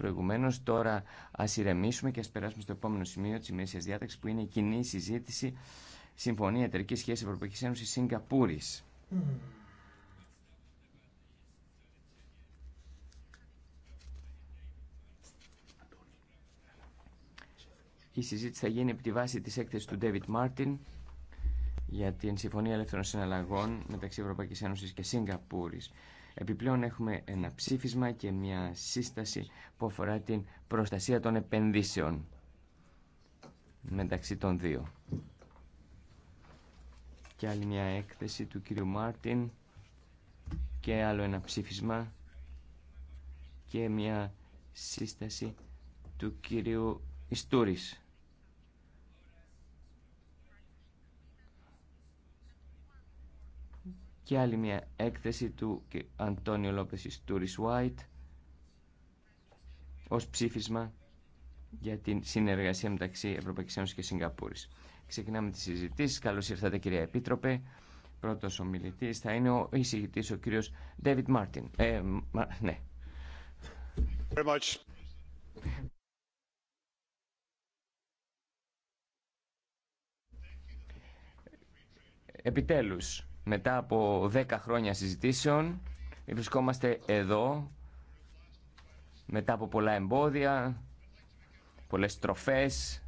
προηγουμένως. Τώρα α ηρεμήσουμε και α περάσουμε στο επόμενο σημείο της ημέρα διάταξη που είναι η κοινή συζήτηση Συμφωνία Εταιρική σχέση Ευρωπαϊκή Ένωση Σιγκαπούρη. Η συζήτηση θα γίνει από τη βάση της έκθεσης του David Μάρτιν για την Συμφωνία Ελεύθερων Συναλλαγών μεταξύ Ευρωπαϊκής Ένωσης και Σιγκαπούρης. Επιπλέον έχουμε ένα ψήφισμα και μια σύσταση που αφορά την προστασία των επενδύσεων μεταξύ των δύο. Και άλλη μια έκθεση του κύριου Μάρτιν και άλλο ένα ψήφισμα και μια σύσταση του κύριου Ιστούρης. και άλλη μια έκθεση του Αντώνιο Λόπεση Τούρι White Ω ψήφισμα για την συνεργασία μεταξύ Ευρωπαϊκή Ένωση και Σιγκαπούρης. Ξεκινάμε τις συζητήσει. Καλώ ήρθατε κυρία Επίτροπε. Πρώτο ομιλητή. θα είναι ο εισηγητή, ο κύριο Ντέβιτ Μάρτιν. Ε, ναι. Very much. Επιτέλους, μετά από 10 χρόνια συζητήσεων βρισκόμαστε εδώ μετά από πολλά εμπόδια, πολλές τροφές.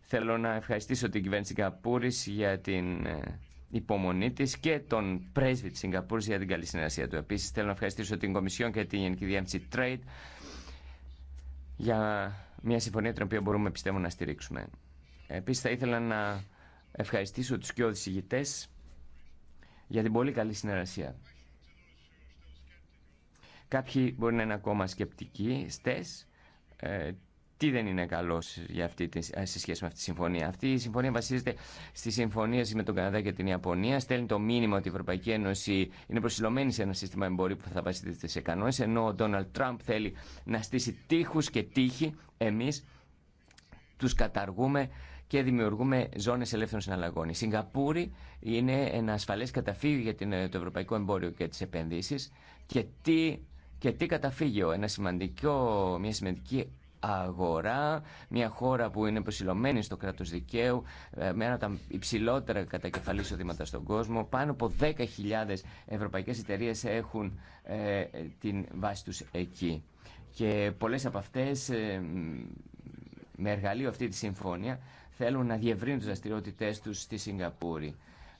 Θέλω να ευχαριστήσω την κυβέρνηση Σιγκαπούρης για την ε, υπομονή της και τον πρέσβη της Σιγκαπούρης για την καλή συνεργασία του. Επίσης θέλω να ευχαριστήσω την Κομισιόν και την Γενική Διεύθυνση Trade για μια συμφωνία την οποία μπορούμε πιστεύω να στηρίξουμε. Επίσης θα ήθελα να ευχαριστήσω τους και ηγητές για την πολύ καλή συνεργασία. Κάποιοι μπορεί να είναι ακόμα σκεπτικοί, στες, ε, τι δεν είναι καλό για ε, σε σχέση με αυτή τη συμφωνία. Αυτή η συμφωνία βασίζεται στη συμφωνία με τον Καναδά και την Ιαπωνία. Στέλνει το μήνυμα ότι η Ευρωπαϊκή Ένωση είναι προσιλωμένη σε ένα σύστημα εμπορίου που θα βασίζεται σε κανόνε. Ενώ ο Ντόναλτ Τραμπ θέλει να στήσει τείχου και τείχη, εμεί του καταργούμε και δημιουργούμε ζώνες ελεύθερων συναλλαγών. Η Σιγκαπούρη είναι ένα ασφαλές καταφύγιο για ε, το ευρωπαϊκό εμπόριο και τις επενδύσεις και τι, και τι καταφύγιο, ένα σημαντικό, μια σημαντική αγορά, μια χώρα που είναι προσιλωμένη στο κράτος δικαίου, ε, με ένα από τα υψηλότερα κατακεφαλή εισοδήματα στον κόσμο. Πάνω από 10.000 ευρωπαϊκές εταιρείες έχουν ε, την βάση τους εκεί. Και πολλές από αυτές, ε, με εργαλείο αυτή τη συμφωνία, θέλουν να διευρύνουν τι δραστηριότητε του στη Σιγκαπούρη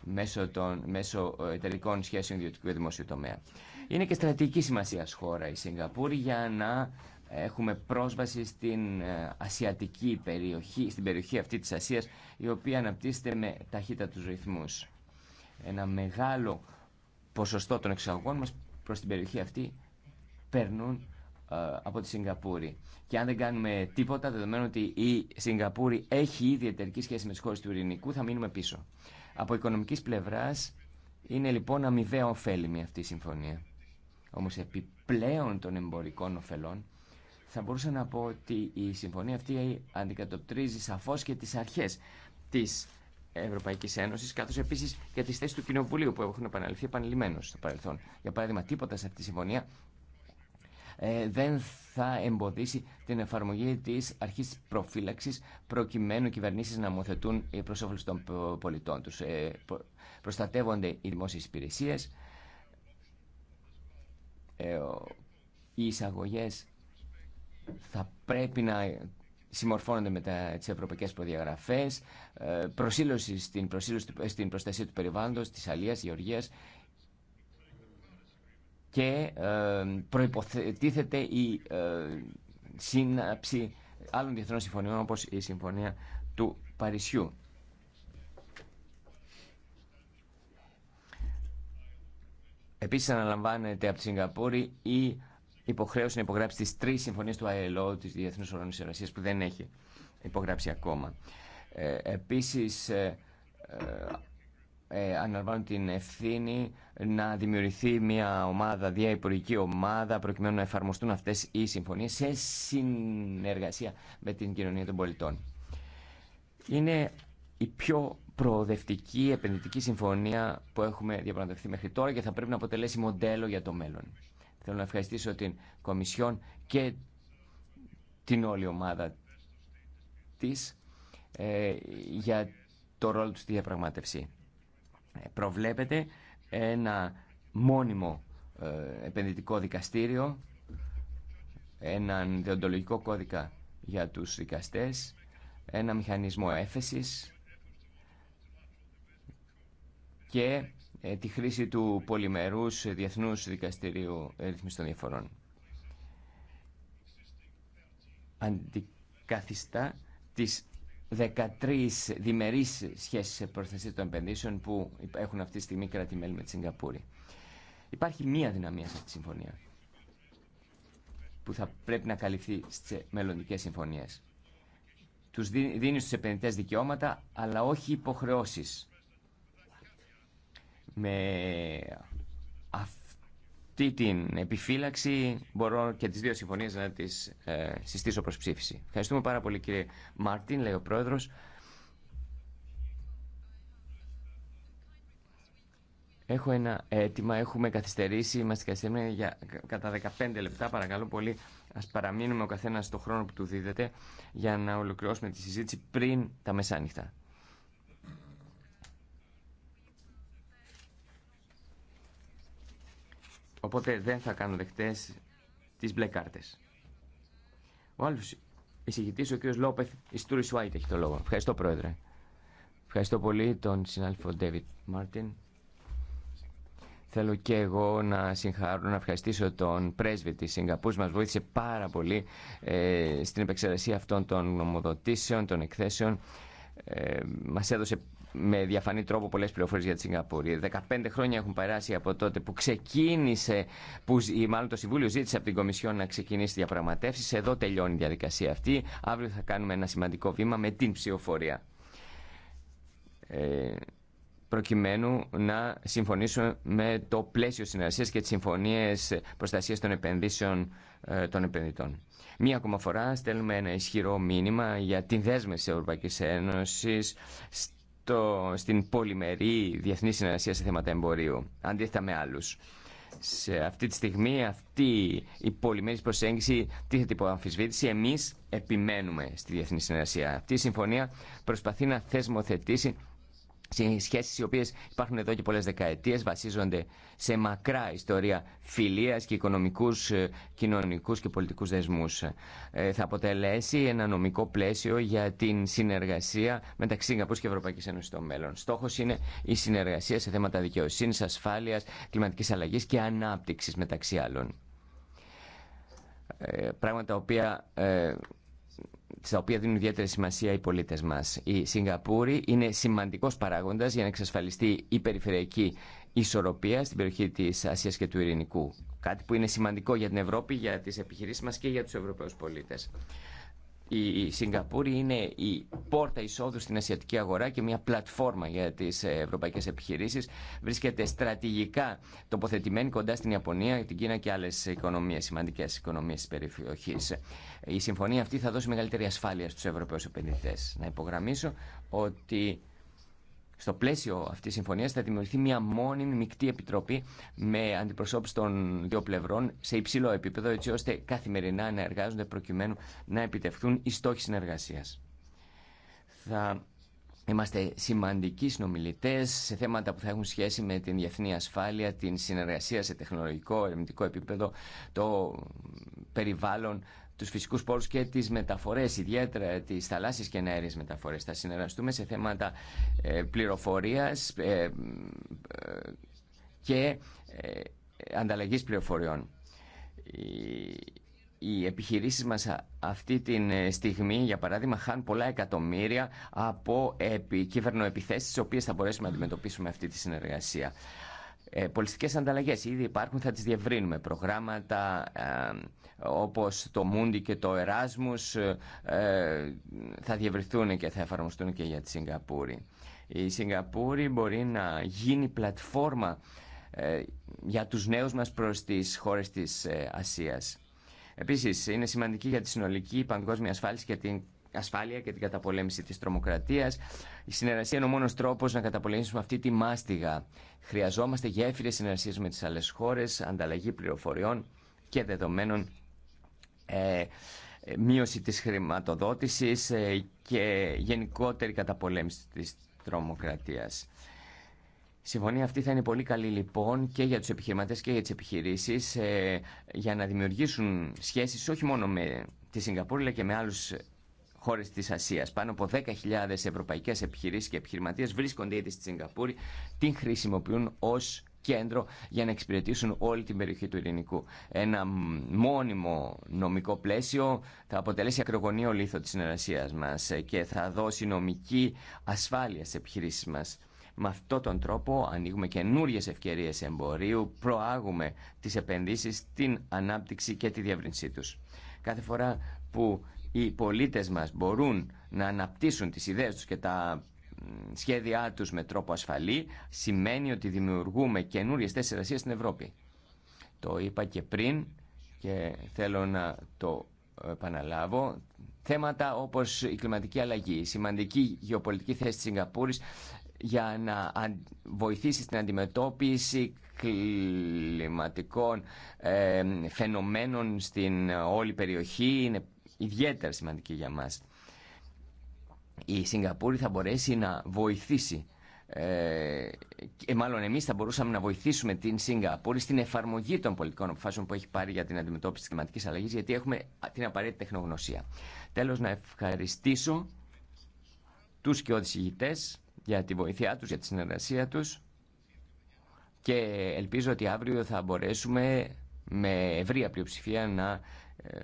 μέσω, των, μέσω ε, εταιρικών σχέσεων ιδιωτικού και δημόσιου τομέα. Είναι και στρατηγική σημασία χώρα η Σιγκαπούρη για να έχουμε πρόσβαση στην ε, ασιατική περιοχή, στην περιοχή αυτή της Ασίας, η οποία αναπτύσσεται με ταχύτατους ρυθμούς. Ένα μεγάλο ποσοστό των εξαγωγών μας προς την περιοχή αυτή περνούν ε, από τη Σιγκαπούρη. Και αν δεν κάνουμε τίποτα, δεδομένου ότι η Σιγκαπούρη έχει ήδη εταιρική σχέση με τι χώρε του Ειρηνικού, θα μείνουμε πίσω. Από οικονομική πλευρά, είναι λοιπόν αμοιβαία ωφέλιμη αυτή η συμφωνία. Όμω επιπλέον των εμπορικών ωφελών, θα μπορούσα να πω ότι η συμφωνία αυτή αντικατοπτρίζει σαφώ και τι αρχέ τη Ευρωπαϊκή Ένωση, καθώ επίση και τι θέσει του Κοινοβουλίου που έχουν επαναληφθεί επανειλημμένω στο παρελθόν. Για παράδειγμα, τίποτα σε αυτή τη συμφωνία ε, δεν θα εμποδίσει την εφαρμογή της αρχή προφύλαξη προκειμένου κυβερνήσει να μοθετούν οι όφελο των πολιτών τους. Ε, προστατεύονται οι δημόσιες υπηρεσίες, ε, οι εισαγωγέ θα πρέπει να συμμορφώνονται με τι ευρωπαϊκέ προδιαγραφέ, προδιαγραφές, προσήλωση στην, προσήλωση, στην προστασία του περιβάλλοντος, της τη Γεωργία, και ε, προϋποθετήθεται η ε, σύναψη άλλων διεθνών συμφωνιών όπως η Συμφωνία του Παρισιού. Επίσης αναλαμβάνεται από τη Σιγκαπούρη η υποχρέωση να υπογράψει τις τρεις συμφωνίες του ΑΕΛΟ, της Διεθνούς Οργανωσής Εργασίας, που δεν έχει υπογράψει ακόμα. Ε, επίσης, ε, ε, αναλαμβάνουν την ευθύνη να δημιουργηθεί μια ομάδα, διαϋπουργική ομάδα προκειμένου να εφαρμοστούν αυτέ οι συμφωνίε σε συνεργασία με την κοινωνία των πολιτών. Είναι η πιο προοδευτική επενδυτική συμφωνία που έχουμε διαπραγματευτεί μέχρι τώρα και θα πρέπει να αποτελέσει μοντέλο για το μέλλον. Θέλω να ευχαριστήσω την Κομισιόν και την όλη ομάδα της ε, για το ρόλο του στη διαπραγμάτευση προβλέπεται ένα μόνιμο ε, επενδυτικό δικαστήριο, έναν διοντολογικό κώδικα για τους δικαστές, ένα μηχανισμό έφεσης και ε, τη χρήση του πολυμερούς Διεθνούς Δικαστηρίου Ρυθμιστών Διαφορών. Αντικαθιστά τις 13 διμερείς σχέσεις προστασία των επενδύσεων που έχουν αυτή τη στιγμή κράτη-μέλη με τη Σιγκαπούρη. Υπάρχει μία δυναμία σε αυτή τη συμφωνία που θα πρέπει να καλυφθεί στις μελλοντικές συμφωνίες. Τους δίνει στου επενδυτέ δικαιώματα, αλλά όχι υποχρεώσεις. Με αυτή την επιφύλαξη μπορώ και τις δύο συμφωνίες να τις ε, συστήσω προς ψήφιση. Ευχαριστούμε πάρα πολύ κύριε Μάρτιν, λέει ο πρόεδρος. Έχω ένα αίτημα, έχουμε καθυστερήσει, είμαστε καθυστερημένοι για κατά 15 λεπτά. Παρακαλώ πολύ, ας παραμείνουμε ο καθένας στο χρόνο που του δίδεται για να ολοκληρώσουμε τη συζήτηση πριν τα μεσάνυχτα. Οπότε δεν θα κάνω δεχτέ τι μπλε κάρτε. Ο άλλος εισηγητή, ο κ. Λόπεθ, Ιστούρη Σουάιτ έχει το λόγο. Ευχαριστώ πρόεδρε. Ευχαριστώ πολύ τον συνάδελφο Ντέβιτ Μάρτιν. Θέλω και εγώ να συγχαρώ, να ευχαριστήσω τον πρέσβη της Σιγκαπούρης. Μας βοήθησε πάρα πολύ ε, στην επεξεργασία αυτών των νομοδοτήσεων, των εκθέσεων. Ε, μας έδωσε με διαφανή τρόπο πολλές πληροφορίες για τη Σιγκαπούρη. 15 χρόνια έχουν περάσει από τότε που ξεκίνησε, που μάλλον το Συμβούλιο ζήτησε από την Κομισιόν να ξεκινήσει διαπραγματεύσεις. Εδώ τελειώνει η διαδικασία αυτή. Αύριο θα κάνουμε ένα σημαντικό βήμα με την ψηφοφορία. Ε, προκειμένου να συμφωνήσουμε με το πλαίσιο συνεργασίας και τις συμφωνίες προστασίας των επενδύσεων ε, των επενδυτών. Μία ακόμα φορά στέλνουμε ένα ισχυρό μήνυμα για την δέσμευση της Ευρωπαϊκής Ένωσης στην πολυμερή διεθνή συνεργασία σε θέματα εμπορίου, αντίθετα με άλλους. Σε αυτή τη στιγμή αυτή η πολυμερή προσέγγιση τίθεται υπό αμφισβήτηση. Εμείς επιμένουμε στη διεθνή συνεργασία. Αυτή η συμφωνία προσπαθεί να θεσμοθετήσει Σχέσει σχέσεις οι οποίες υπάρχουν εδώ και πολλές δεκαετίες βασίζονται σε μακρά ιστορία φιλίας και οικονομικούς, ε, κοινωνικούς και πολιτικούς δεσμούς. Ε, θα αποτελέσει ένα νομικό πλαίσιο για την συνεργασία μεταξύ Σιγκαπούρ και Ευρωπαϊκής Ένωσης στο μέλλον. Στόχος είναι η συνεργασία σε θέματα δικαιοσύνης, ασφάλειας, κλιματικής αλλαγής και ανάπτυξης μεταξύ άλλων. Ε, πράγματα τα οποία στα οποία δίνουν ιδιαίτερη σημασία οι πολίτες μας. Η Σιγκαπούρη είναι σημαντικός παράγοντας για να εξασφαλιστεί η περιφερειακή ισορροπία στην περιοχή της Ασίας και του Ειρηνικού. Κάτι που είναι σημαντικό για την Ευρώπη, για τις επιχειρήσεις μας και για τους Ευρωπαίους πολίτες. Η Σιγκαπούρη είναι η πόρτα εισόδου στην ασιατική αγορά και μια πλατφόρμα για τι ε, ευρωπαϊκέ επιχειρήσει. Βρίσκεται στρατηγικά τοποθετημένη κοντά στην Ιαπωνία, την Κίνα και άλλε οικονομίε, σημαντικέ οικονομίε τη περιοχή. Η συμφωνία αυτή θα δώσει μεγαλύτερη ασφάλεια στου Ευρωπαίου επενδυτέ. Να υπογραμμίσω ότι στο πλαίσιο αυτή τη συμφωνία θα δημιουργηθεί μια μόνη μεικτή επιτροπή με αντιπροσώπου των δύο πλευρών σε υψηλό επίπεδο έτσι ώστε καθημερινά να εργάζονται προκειμένου να επιτευχθούν οι στόχοι συνεργασία. Θα Είμαστε σημαντικοί συνομιλητέ σε θέματα που θα έχουν σχέση με την διεθνή ασφάλεια, την συνεργασία σε τεχνολογικό, ερευνητικό επίπεδο, το περιβάλλον, τους φυσικούς πόρους και τις μεταφορές, ιδιαίτερα τις θαλάσσιες και αέριες μεταφορές. Θα συνεργαστούμε σε θέματα ε, πληροφορίας ε, ε, και ανταλλαγής πληροφοριών. Οι επιχειρήσεις μας αυτή τη στιγμή, για παράδειγμα, χάνουν πολλά εκατομμύρια από κυβερνοεπιθέσεις, τις οποίες θα μπορέσουμε να αντιμετωπίσουμε αυτή τη συνεργασία. Πολιστικές ανταλλαγές ήδη υπάρχουν, θα τις διευρύνουμε. Προγράμματα όπως το Μούντι και το Εράσμους ε, θα διευρυθούν και θα εφαρμοστούν και για τη Σιγκαπούρη. Η Σιγκαπούρη μπορεί να γίνει πλατφόρμα ε, για τους νέους μας προς τις χώρες της ε, Ασίας. Επίσης, είναι σημαντική για τη συνολική παγκόσμια ασφάλιση και την ασφάλεια και την καταπολέμηση της τρομοκρατίας. Η συνεργασία είναι ο μόνος τρόπος να καταπολεμήσουμε αυτή τη μάστιγα. Χρειαζόμαστε γέφυρες συνεργασίες με τις άλλες χώρες, ανταλλαγή πληροφοριών και δεδομένων ε, μείωση της χρηματοδότησης ε, και γενικότερη καταπολέμηση της τρομοκρατίας. Η συμφωνία αυτή θα είναι πολύ καλή λοιπόν και για τους επιχειρηματές και για τις επιχειρήσεις ε, για να δημιουργήσουν σχέσεις όχι μόνο με τη Σιγκαπούρη αλλά και με άλλους χώρες της Ασίας. Πάνω από 10.000 ευρωπαϊκές επιχειρήσεις και επιχειρηματίες βρίσκονται ήδη στη Σιγκαπούρη, την χρησιμοποιούν ως κέντρο για να εξυπηρετήσουν όλη την περιοχή του Ειρηνικού. Ένα μόνιμο νομικό πλαίσιο θα αποτελέσει ακρογωνίο λίθο της συνεργασίας μας και θα δώσει νομική ασφάλεια σε επιχειρήσεις μας. Με αυτόν τον τρόπο ανοίγουμε καινούριε ευκαιρίε εμπορίου, προάγουμε τι επενδύσει, την ανάπτυξη και τη διεύρυνσή του. Κάθε φορά που οι πολίτε μα μπορούν να αναπτύσσουν τι ιδέε του και τα σχέδιά τους με τρόπο ασφαλή σημαίνει ότι δημιουργούμε καινούριες θέσεις εργασίας στην Ευρώπη. Το είπα και πριν και θέλω να το επαναλάβω. Θέματα όπως η κλιματική αλλαγή, η σημαντική γεωπολιτική θέση της Σιγκαπούρης για να βοηθήσει στην αντιμετώπιση κλιματικών ε, φαινομένων στην όλη περιοχή είναι ιδιαίτερα σημαντική για μας η Σιγκαπούρη θα μπορέσει να βοηθήσει ε, και ε, μάλλον εμεί θα μπορούσαμε να βοηθήσουμε την Σιγκαπούρη στην εφαρμογή των πολιτικών αποφάσεων που έχει πάρει για την αντιμετώπιση τη κλιματική αλλαγή, γιατί έχουμε την απαραίτητη τεχνογνωσία. Τέλο, να ευχαριστήσω του και ηγητέ για τη βοήθειά του, για τη συνεργασία του και ελπίζω ότι αύριο θα μπορέσουμε με ευρία πλειοψηφία να ε,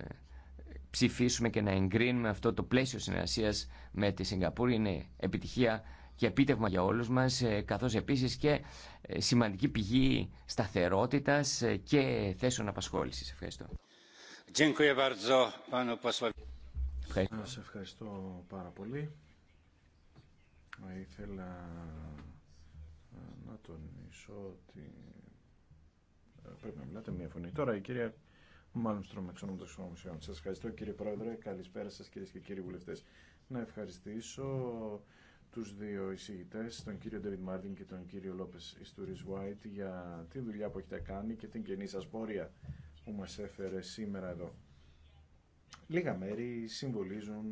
ψηφίσουμε και να εγκρίνουμε αυτό το πλαίσιο συνεργασία με τη Σιγκαπούρη. Είναι επιτυχία και επίτευγμα για όλους μας, ε, καθώς επίσης και ε, σημαντική πηγή σταθερότητας ε, και θέσεων απασχόλησης. Ευχαριστώ. Ευχαριστώ. Σας ευχαριστώ πάρα πολύ. Ήθελα να τονίσω ότι πρέπει να μιλάτε μία φωνή. Τώρα η κυρία Μάλμστρομ, εξ των Κομισιόν. Σα ευχαριστώ κύριε Πρόεδρε. Καλησπέρα σα κυρίε και κύριοι βουλευτέ. Να ευχαριστήσω του δύο εισηγητέ, τον κύριο Ντέβιν Μάρτιν και τον κύριο Λόπε Ιστούρι Βουάιτ για τη δουλειά που έχετε κάνει και την καινή σα πόρια που μα έφερε σήμερα εδώ. Λίγα μέρη συμβολίζουν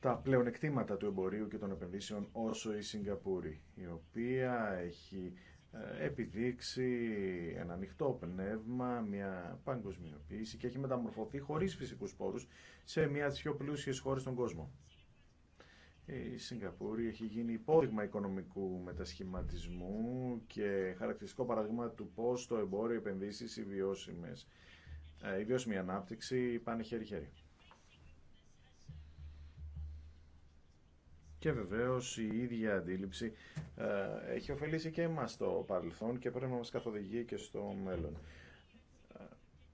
τα πλεονεκτήματα του εμπορίου και των επενδύσεων όσο η Σιγκαπούρη, η οποία έχει ε, επιδείξει ένα ανοιχτό πνεύμα, μια παγκοσμιοποίηση και έχει μεταμορφωθεί χωρίς φυσικούς πόρους σε μια της πιο πλούσιες χώρες στον κόσμο. Η Σιγκαπούρη έχει γίνει υπόδειγμα οικονομικού μετασχηματισμού και χαρακτηριστικό παράδειγμα του πώς το εμπόριο, επενδύσεις, οι, βιώσιμες, ε, η βιώσιμη ανάπτυξη πάνε χέρι-χέρι. Και βεβαίως η ίδια αντίληψη ε, έχει ωφελήσει και εμάς στο παρελθόν και πρέπει να μας καθοδηγεί και στο μέλλον.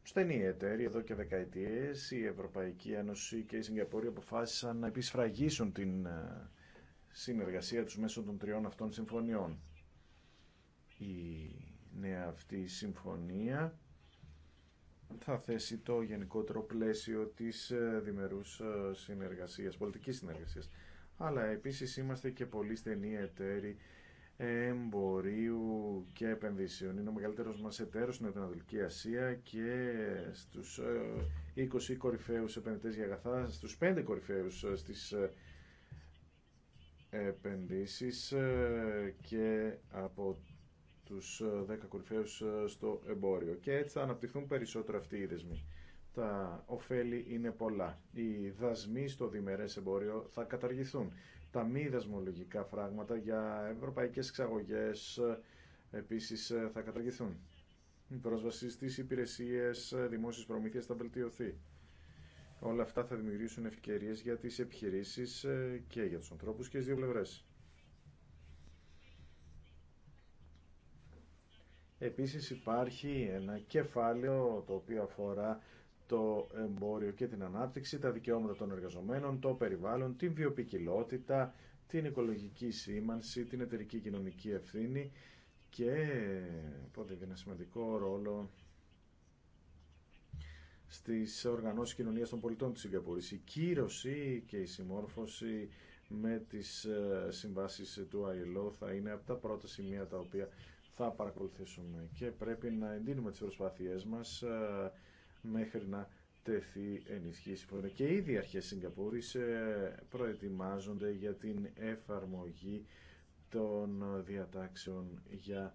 Στενή εταίρη, εδώ και δεκαετίε η Ευρωπαϊκή Ένωση και η Σιγκαπούρη αποφάσισαν να επισφραγίσουν την ε, συνεργασία τους μέσω των τριών αυτών συμφωνιών. Η νέα αυτή συμφωνία θα θέσει το γενικότερο πλαίσιο της ε, διμερούς συνεργασίας, πολιτικής συνεργασίας αλλά επίσης είμαστε και πολύ στενοί εταίροι εμπορίου και επενδύσεων. Είναι ο μεγαλύτερος μας εταίρος στην Ανατολική Ασία και στους 20 ε, κορυφαίους επενδυτές για αγαθά, στους 5 κορυφαίους ε, στις ε, επενδύσεις και από τους 10 κορυφαίους στο εμπόριο. Και έτσι θα αναπτυχθούν περισσότερο αυτοί οι δεσμοί τα ωφέλη είναι πολλά. Οι δασμοί στο διμερές εμπόριο θα καταργηθούν. Τα μη δασμολογικά φράγματα για ευρωπαϊκές εξαγωγές ε, επίσης ε, θα καταργηθούν. Η πρόσβαση στις υπηρεσίες ε, δημόσιες προμήθειας θα βελτιωθεί. Όλα αυτά θα δημιουργήσουν ευκαιρίες για τις επιχειρήσεις και για τους ανθρώπους και τις δύο πλευρές. Επίσης υπάρχει ένα κεφάλαιο το οποίο αφορά το εμπόριο και την ανάπτυξη, τα δικαιώματα των εργαζομένων, το περιβάλλον, την βιοπικιλότητα, την οικολογική σήμανση, την εταιρική κοινωνική ευθύνη και πότε ένα σημαντικό ρόλο στις οργανώσεις κοινωνίας των πολιτών της Σιγκαπούρης. Η κύρωση και η συμμόρφωση με τις ε, συμβάσεις του ILO θα είναι από τα πρώτα σημεία τα οποία θα παρακολουθήσουμε και πρέπει να εντείνουμε τις προσπάθειές μας ε, μέχρι να τεθεί ενισχύση. Και ήδη οι αρχές Σιγκαπούρης ε, προετοιμάζονται για την εφαρμογή των διατάξεων για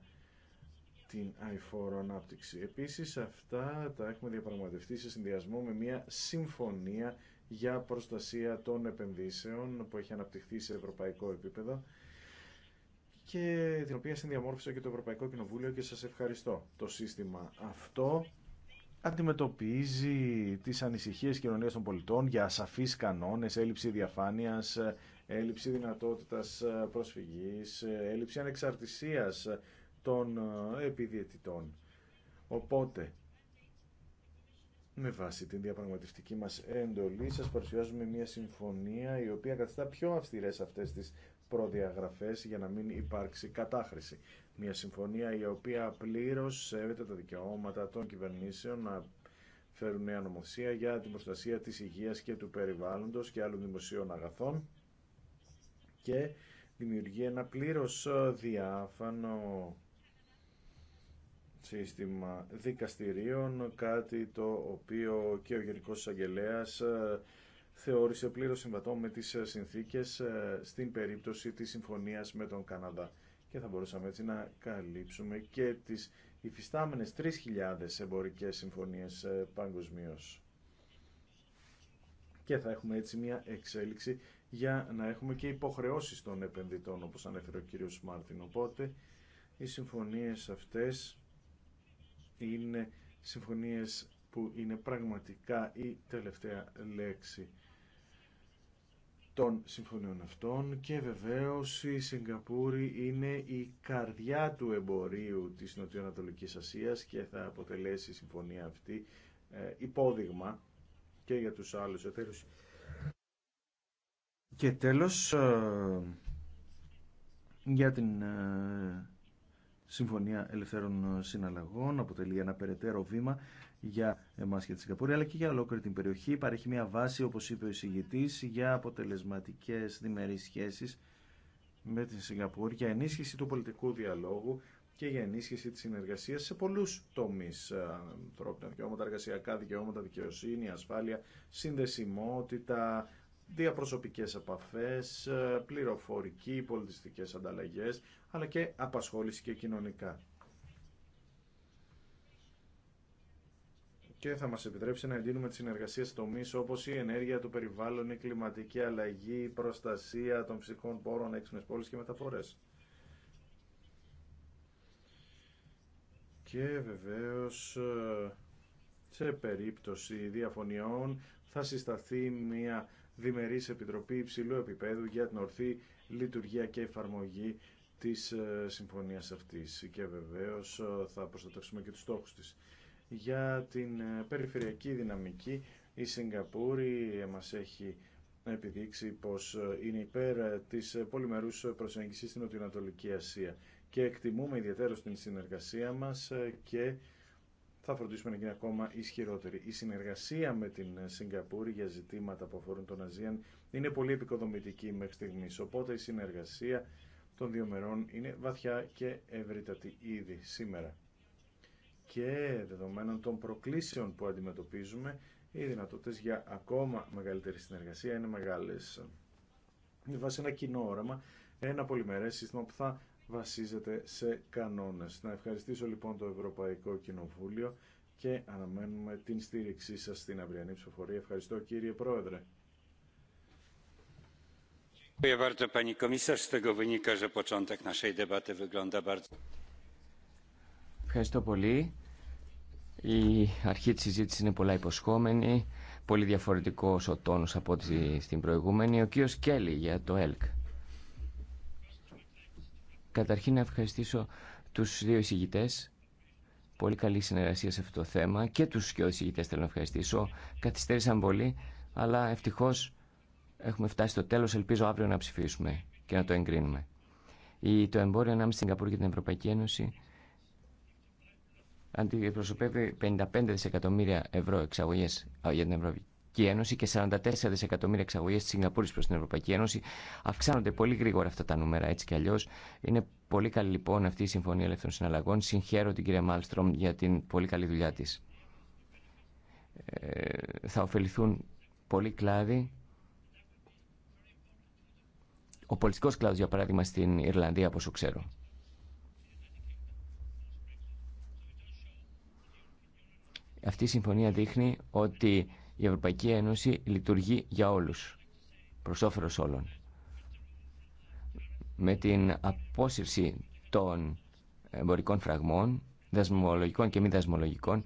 την αηφόρο ανάπτυξη. Επίσης αυτά τα έχουμε διαπραγματευτεί σε συνδυασμό με μια συμφωνία για προστασία των επενδύσεων που έχει αναπτυχθεί σε ευρωπαϊκό επίπεδο και την οποία συνδιαμόρφωσε και το Ευρωπαϊκό Κοινοβούλιο και σας ευχαριστώ. Το σύστημα αυτό αντιμετωπίζει τις ανησυχίες κοινωνία των πολιτών για ασαφείς κανόνες, έλλειψη διαφάνειας, έλλειψη δυνατότητας ε, προσφυγής, ε, έλλειψη ανεξαρτησίας ε, των επιδιαιτητών. Οπότε, με βάση την διαπραγματευτική μας εντολή, σας παρουσιάζουμε μια συμφωνία η οποία καθιστά πιο αυστηρές αυτές τις προδιαγραφές για να μην υπάρξει κατάχρηση. Μια συμφωνία η οποία πλήρως σέβεται τα δικαιώματα των κυβερνήσεων να φέρουν νέα νομοθεσία για την προστασία της υγείας και του περιβάλλοντος και άλλων δημοσίων αγαθών και δημιουργεί ένα πλήρως διάφανο σύστημα δικαστηρίων, κάτι το οποίο και ο Γενικός Αγγελέας ε, θεώρησε πλήρως συμβατό με τις συνθήκες ε, στην περίπτωση της συμφωνίας με τον Καναδά και θα μπορούσαμε έτσι να καλύψουμε και τις υφιστάμενες 3.000 εμπορικές συμφωνίες ε, παγκοσμίω. Και θα έχουμε έτσι μια εξέλιξη για να έχουμε και υποχρεώσεις των επενδυτών όπως ανέφερε ο κύριος Μάρτιν. Οπότε οι συμφωνίες αυτές είναι συμφωνίες που είναι πραγματικά η τελευταία λέξη των συμφωνιών αυτών και βεβαίως η Σιγκαπούρη είναι η καρδιά του εμπορίου της Νοτιοανατολικής Ασίας και θα αποτελέσει η συμφωνία αυτή ε, υπόδειγμα και για τους άλλους εταίρους. Και τέλος, ε, για την ε, Συμφωνία Ελευθέρων Συναλλαγών αποτελεί ένα περαιτέρω βήμα για εμά και τη Σιγκαπούρη, αλλά και για ολόκληρη την περιοχή. Παρέχει μια βάση, όπω είπε ο εισηγητή, για αποτελεσματικέ διμερείς σχέσει με τη Σιγκαπούρη, για ενίσχυση του πολιτικού διαλόγου και για ενίσχυση τη συνεργασία σε πολλούς τομείς. Ε, ανθρώπινα δικαιώματα, εργασιακά δικαιώματα, δικαιοσύνη, ασφάλεια, συνδεσιμότητα, διαπροσωπικές επαφές, ε, πληροφορική, πολιτιστικές ανταλλαγές, αλλά και απασχόληση και κοινωνικά. και θα μας επιτρέψει να εντείνουμε τις συνεργασίες σε τομείς όπως η ενέργεια, του περιβάλλον, η κλιματική αλλαγή, η προστασία των ψυχών πόρων, έξυπνες πόλεις και μεταφορές. Και βεβαίως σε περίπτωση διαφωνιών θα συσταθεί μια διμερής επιτροπή υψηλού επίπεδου για την ορθή λειτουργία και εφαρμογή της ε, συμφωνίας αυτής και βεβαίως ε, θα προστατεύσουμε και τους στόχους της για την ε, περιφερειακή δυναμική. Η Σιγκαπούρη μας έχει επιδείξει πως ε, είναι υπέρ ε, της πολυμερούς προσέγγισης στην Νοτιοανατολική Ασία και εκτιμούμε ιδιαίτερο την συνεργασία μας και θα φροντίσουμε να γίνει ακόμα ισχυρότερη. Η συνεργασία με την Σιγκαπούρη για ζητήματα που αφορούν τον Αζίαν είναι πολύ επικοδομητική μέχρι στιγμή. Οπότε η συνεργασία των δύο μερών είναι βαθιά και ευρύτατη ήδη σήμερα και δεδομένων των προκλήσεων που αντιμετωπίζουμε, οι δυνατότητε για ακόμα μεγαλύτερη συνεργασία είναι μεγάλες. Με βάση ένα κοινό όραμα, ένα πολυμερές σύστημα που θα βασίζεται σε κανόνες. Να ευχαριστήσω λοιπόν το Ευρωπαϊκό Κοινοβούλιο και αναμένουμε την στήριξή σας στην αυριανή ψηφοφορία. Ευχαριστώ κύριε Πρόεδρε. Ευχαριστώ πολύ. Η αρχή της συζήτησης είναι πολλά υποσχόμενη, πολύ διαφορετικός ο τόνος από ό,τι στην προηγούμενη. Ο κύριος Κέλλη για το ΕΛΚ. Καταρχήν να ευχαριστήσω τους δύο εισηγητές. Πολύ καλή συνεργασία σε αυτό το θέμα και τους δύο εισηγητές θέλω να ευχαριστήσω. Καθυστέρησαν πολύ, αλλά ευτυχώς έχουμε φτάσει στο τέλος. Ελπίζω αύριο να ψηφίσουμε και να το εγκρίνουμε. Το εμπόριο ανάμεσα στην Καπορ και την Ευρωπαϊκή Ένωση αντιπροσωπεύει 55 δισεκατομμύρια ευρώ εξαγωγέ για την Ευρωπαϊκή Ένωση και 44 δισεκατομμύρια εξαγωγέ τη Σιγκαπούρη προ την Ευρωπαϊκή Ένωση. Αυξάνονται πολύ γρήγορα αυτά τα νούμερα έτσι κι αλλιώ. Είναι πολύ καλή λοιπόν αυτή η Συμφωνία Ελεύθερων Συναλλαγών. Συγχαίρω την κυρία Μάλστρομ για την πολύ καλή δουλειά τη. Ε, θα ωφεληθούν πολλοί κλάδοι. Ο πολιτικό κλάδο, για παράδειγμα, στην Ιρλανδία, όπω ξέρω. Αυτή η συμφωνία δείχνει ότι η Ευρωπαϊκή Ένωση λειτουργεί για όλους, προς όφελος όλων. Με την απόσυρση των εμπορικών φραγμών, δασμολογικών και μη δασμολογικών,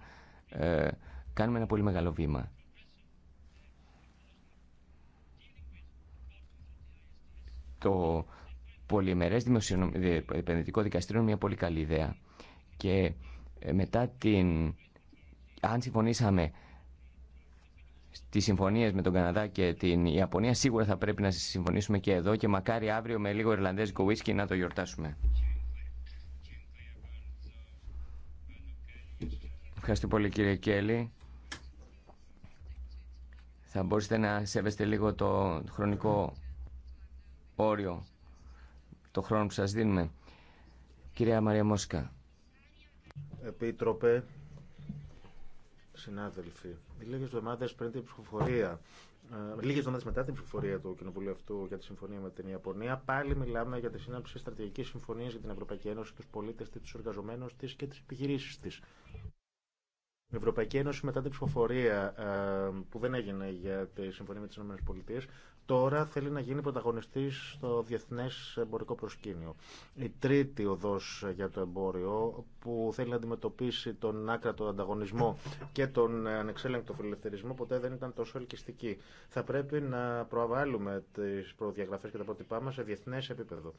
ε, κάνουμε ένα πολύ μεγάλο βήμα. Το πολυμερές δημοσιονομικό ε, δικαστήριο είναι μια πολύ καλή ιδέα. Και ε, μετά την αν συμφωνήσαμε στις συμφωνίες με τον Καναδά και την Ιαπωνία, σίγουρα θα πρέπει να συμφωνήσουμε και εδώ και μακάρι αύριο με λίγο Ιρλανδέζικο whisky να το γιορτάσουμε. Ευχαριστώ πολύ κύριε Κέλλη. Θα μπορούσατε να σέβεστε λίγο το χρονικό όριο, το χρόνο που σας δίνουμε. Κυρία Μαρία Μόσκα. Επίτροπε, συνάδελφοι, λίγε εβδομάδε πριν την ψηφοφορία, ε, λίγε εβδομάδε μετά την ψηφοφορία του Κοινοβουλίου αυτού για τη συμφωνία με την Ιαπωνία, πάλι μιλάμε για τη σύναψη στρατηγική συμφωνία για την Ευρωπαϊκή Ένωση, του πολίτε τη, του εργαζομένου τη και τι επιχειρήσει τη. Η Ευρωπαϊκή Ένωση μετά την ψηφοφορία ε, που δεν έγινε για τη συμφωνία με τι ΗΠΑ τώρα θέλει να γίνει πρωταγωνιστής στο διεθνέ εμπορικό προσκήνιο. Η τρίτη οδός για το εμπόριο που θέλει να αντιμετωπίσει τον άκρατο ανταγωνισμό και τον ανεξέλεγκτο φιλελευθερισμό ποτέ δεν ήταν τόσο ελκυστική. Θα πρέπει να προβάλλουμε τι προδιαγραφέ και τα πρότυπά μα σε διεθνές επίπεδο.